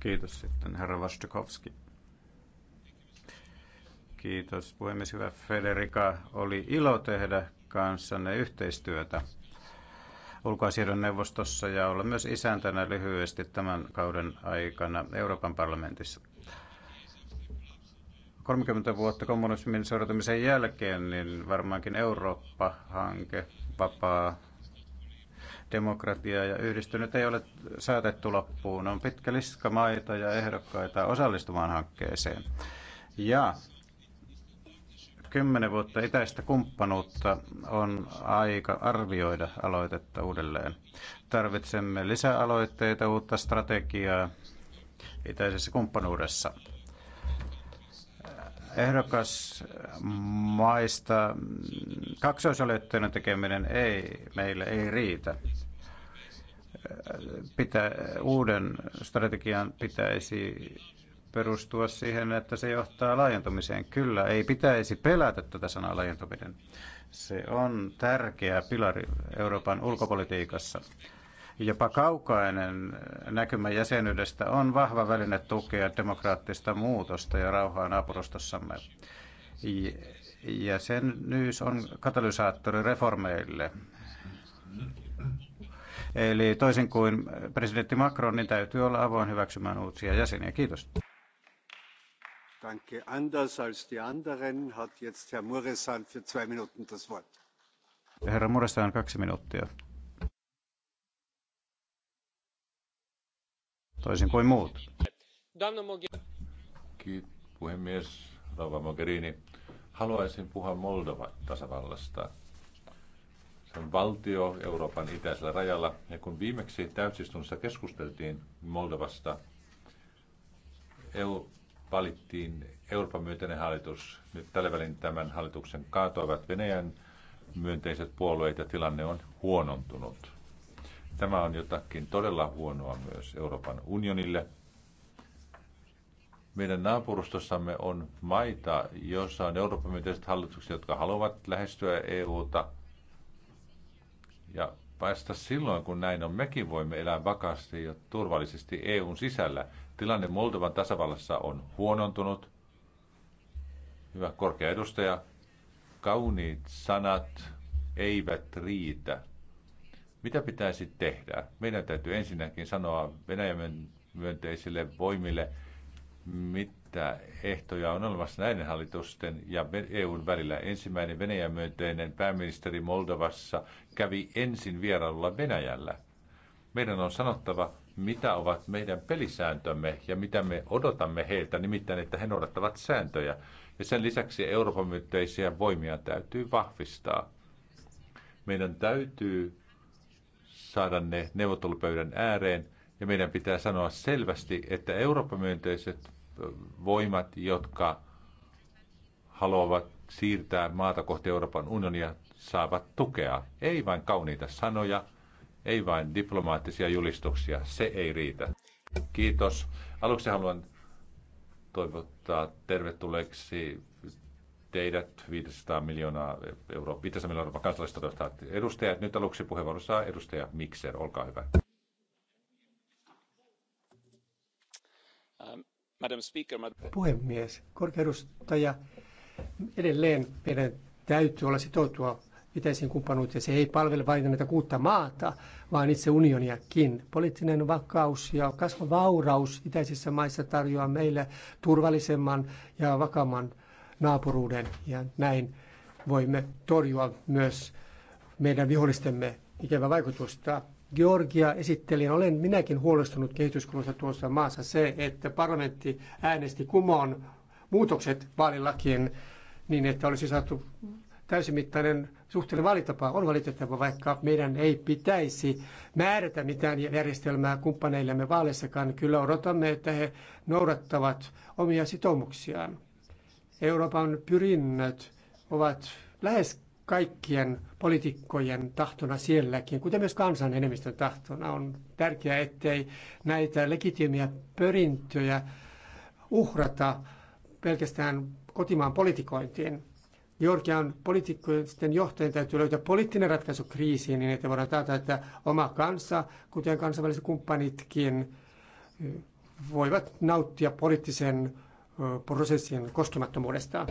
Kiitos sitten herra Vastakovski. Kiitos puhemies. Hyvä Federica, oli ilo tehdä kanssanne yhteistyötä ulkoasioiden neuvostossa ja olla myös isäntänä lyhyesti tämän kauden aikana Euroopan parlamentissa. 30 vuotta kommunismin sortumisen jälkeen, niin varmaankin Eurooppa-hanke, vapaa demokratiaa ja yhdistynyt ei ole saatettu loppuun. On pitkä lista maita ja ehdokkaita osallistumaan hankkeeseen. Ja kymmenen vuotta itäistä kumppanuutta on aika arvioida aloitetta uudelleen. Tarvitsemme lisäaloitteita, uutta strategiaa itäisessä kumppanuudessa ehdokasmaista kaksoisaloitteiden tekeminen ei meille ei riitä. Pitä, uuden strategian pitäisi perustua siihen, että se johtaa laajentumiseen. Kyllä, ei pitäisi pelätä tätä sanaa laajentuminen. Se on tärkeä pilari Euroopan ulkopolitiikassa jopa kaukainen näkymä jäsenyydestä on vahva väline tukea demokraattista muutosta ja rauhaa naapurustossamme. Jäsenyys on katalysaattori reformeille. Eli toisin kuin presidentti Macron, niin täytyy olla avoin hyväksymään uusia jäseniä. Kiitos. Danke. Anders als die anderen hat jetzt Herr Muresan für zwei Minuten das Wort. Herra Muresan, kaksi minuuttia. toisin kuin muut. Kiitos puhemies, Rauva Mogherini. Haluaisin puhua Moldovan tasavallasta. Se on valtio Euroopan itäisellä rajalla, ja kun viimeksi täysistunnossa keskusteltiin Moldovasta, EU valittiin Euroopan myönteinen hallitus. Nyt tällä välin tämän hallituksen kaatoivat Venäjän myönteiset puolueet ja tilanne on huonontunut. Tämä on jotakin todella huonoa myös Euroopan unionille. Meidän naapurustossamme on maita, joissa on Euroopan myönteiset hallitukset, jotka haluavat lähestyä EUta. Ja vasta silloin, kun näin on, mekin voimme elää vakaasti ja turvallisesti EUn sisällä. Tilanne Moldovan tasavallassa on huonontunut. Hyvä korkea edustaja, kauniit sanat eivät riitä. Mitä pitäisi tehdä? Meidän täytyy ensinnäkin sanoa Venäjän myönteisille voimille, mitä ehtoja on olemassa näiden hallitusten ja EUn välillä. Ensimmäinen Venäjän myönteinen pääministeri Moldovassa kävi ensin vierailulla Venäjällä. Meidän on sanottava, mitä ovat meidän pelisääntömme ja mitä me odotamme heiltä, nimittäin että he noudattavat sääntöjä. Ja sen lisäksi Euroopan myönteisiä voimia täytyy vahvistaa. Meidän täytyy saada ne neuvottelupöydän ääreen. Ja meidän pitää sanoa selvästi, että Eurooppa-myönteiset voimat, jotka haluavat siirtää maata kohti Euroopan unionia, saavat tukea. Ei vain kauniita sanoja, ei vain diplomaattisia julistuksia. Se ei riitä. Kiitos. Aluksi haluan toivottaa tervetulleeksi teidät, 500 miljoonaa euroa, 500 miljoonaa euroa kansalaista edustajat. Nyt aluksi puheenvuoro saa edustaja Mikser, olkaa hyvä. Um, Madam Speaker, mad- Puhemies, korkeudustaja, edelleen meidän täytyy olla sitoutua itäisiin kumppanuuteen. Se ei palvele vain näitä kuutta maata, vaan itse unioniakin. Poliittinen vakaus ja kasvavauraus itäisissä maissa tarjoaa meille turvallisemman ja vakaamman naapuruuden ja näin voimme torjua myös meidän vihollistemme ikävä vaikutusta. Georgia esitteli, olen minäkin huolestunut kehityskulusta tuossa maassa se, että parlamentti äänesti kumoon muutokset vaalilakien niin, että olisi saatu täysimittainen suhteellinen valitapa on valitettava, vaikka meidän ei pitäisi määrätä mitään järjestelmää kumppaneillemme vaaleissakaan. Kyllä odotamme, että he noudattavat omia sitoumuksiaan. Euroopan pyrinnöt ovat lähes kaikkien poliitikkojen tahtona sielläkin, kuten myös kansan enemmistön tahtona. On tärkeää, ettei näitä legitiimiä pyrintöjä uhrata pelkästään kotimaan politikointiin. Georgian poliitikkojen johtajien täytyy löytää poliittinen ratkaisu kriisiin niin, että voidaan taata, että oma kansa, kuten kansainväliset kumppanitkin, voivat nauttia poliittisen prosessin koskemattomuudesta.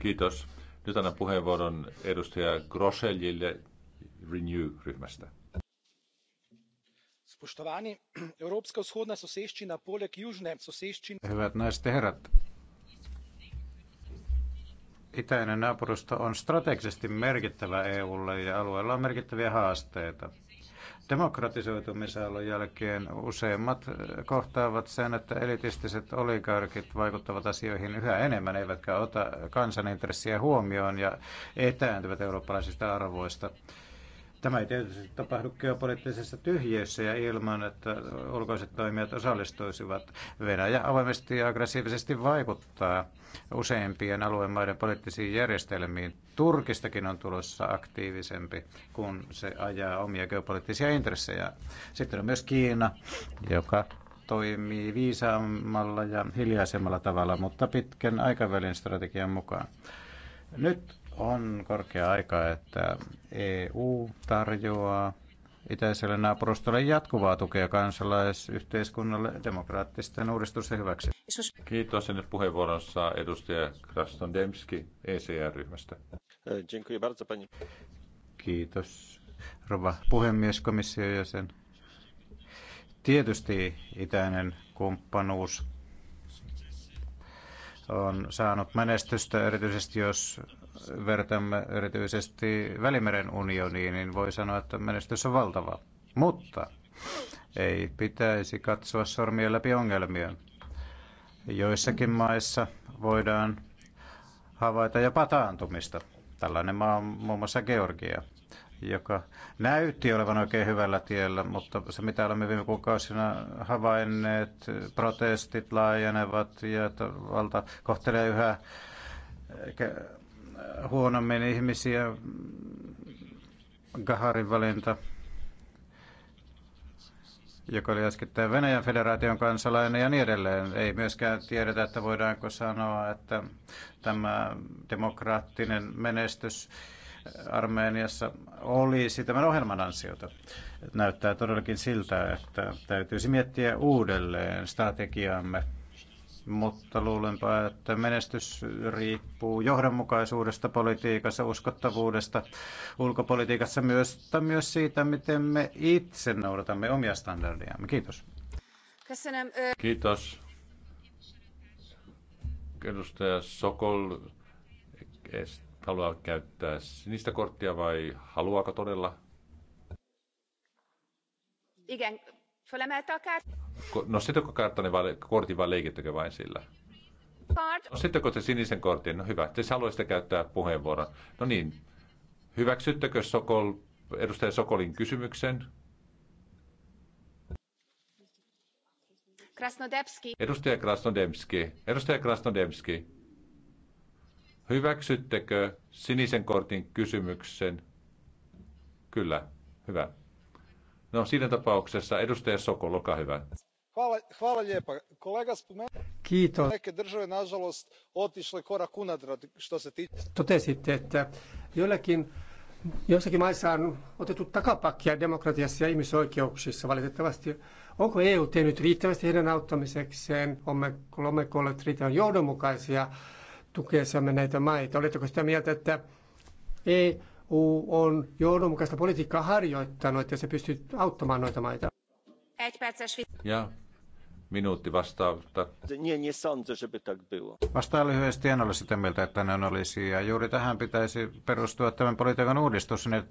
Kiitos. Nyt annan puheenvuoron edustaja Groseljille Renew-ryhmästä. Hyvät naiset ja herrat, itäinen naapurusto on strategisesti merkittävä EUlle ja alueella on merkittäviä haasteita – demokratisoitumisen jälkeen useimmat eh, kohtaavat sen, että elitistiset oligarkit vaikuttavat asioihin yhä enemmän, eivätkä ota kansanintressiä huomioon ja etääntyvät eurooppalaisista arvoista. Tämä ei tietysti tapahdu geopoliittisessa tyhjiössä ja ilman, että ulkoiset toimijat osallistuisivat. Venäjä avoimesti ja aggressiivisesti vaikuttaa useimpien alueen maiden poliittisiin järjestelmiin. Turkistakin on tulossa aktiivisempi, kun se ajaa omia geopoliittisia intressejä. Sitten on myös Kiina, joka toimii viisaammalla ja hiljaisemmalla tavalla, mutta pitkän aikavälin strategian mukaan. Nyt on korkea aika, että EU tarjoaa itäiselle naapurustolle jatkuvaa tukea kansalaisyhteiskunnalle demokraattisten uudistusten hyväksi. Kiitos sinne puheenvuoronsa edustaja Demski ECR-ryhmästä. Kiitos, rouva puhemies, komission jäsen. Tietysti itäinen kumppanuus on saanut menestystä, erityisesti jos vertamme erityisesti Välimeren unioniin, niin voi sanoa, että menestys on valtava. Mutta ei pitäisi katsoa sormien läpi ongelmia. Joissakin maissa voidaan havaita ja pataantumista. Tällainen maa on muun muassa Georgia, joka näytti olevan oikein hyvällä tiellä, mutta se mitä olemme viime kuukausina havainneet, protestit laajenevat ja valta kohtelee yhä huonommin ihmisiä. Gaharin valinta, joka oli äskettäin Venäjän federaation kansalainen ja niin edelleen. Ei myöskään tiedetä, että voidaanko sanoa, että tämä demokraattinen menestys Armeniassa olisi tämän ohjelman ansiota. Näyttää todellakin siltä, että täytyisi miettiä uudelleen strategiaamme mutta luulenpa, että menestys riippuu johdonmukaisuudesta politiikassa, uskottavuudesta ulkopolitiikassa, myös, myös siitä, miten me itse noudatamme omia standardiamme. Kiitos. Kiitos. Edustaja Sokol haluaa käyttää sinistä korttia vai haluaako todella? Igen, Nostitteko karttani vai, kortin vai leikittekö vain sillä? Card. Nostitteko te sinisen kortin? No hyvä, te haluaisitte käyttää puheenvuoron. No niin, hyväksyttekö Sokol, edustaja Sokolin kysymyksen? Edustaja Krasnodemski. Edustaja Krasnodemski. Hyväksyttekö sinisen kortin kysymyksen? Kyllä, hyvä. No siinä tapauksessa edustaja Sokol, olkaa hyvä. Kiitos. Totesitte, että joillakin Joissakin maissa on otettu takapakkia demokratiassa ja ihmisoikeuksissa valitettavasti. Onko EU tehnyt riittävästi heidän auttamisekseen? Olemmeko olleet riittävän johdonmukaisia tukeessamme näitä maita? Oletteko sitä mieltä, että ei EU on johdonmukaista politiikkaa harjoittanut ja se pystyy auttamaan noita maita. Ja minuutti vastausta. Vastaan lyhyesti, en ole sitä mieltä, että näin olisi. Ja juuri tähän pitäisi perustua tämän politiikan uudistus, niin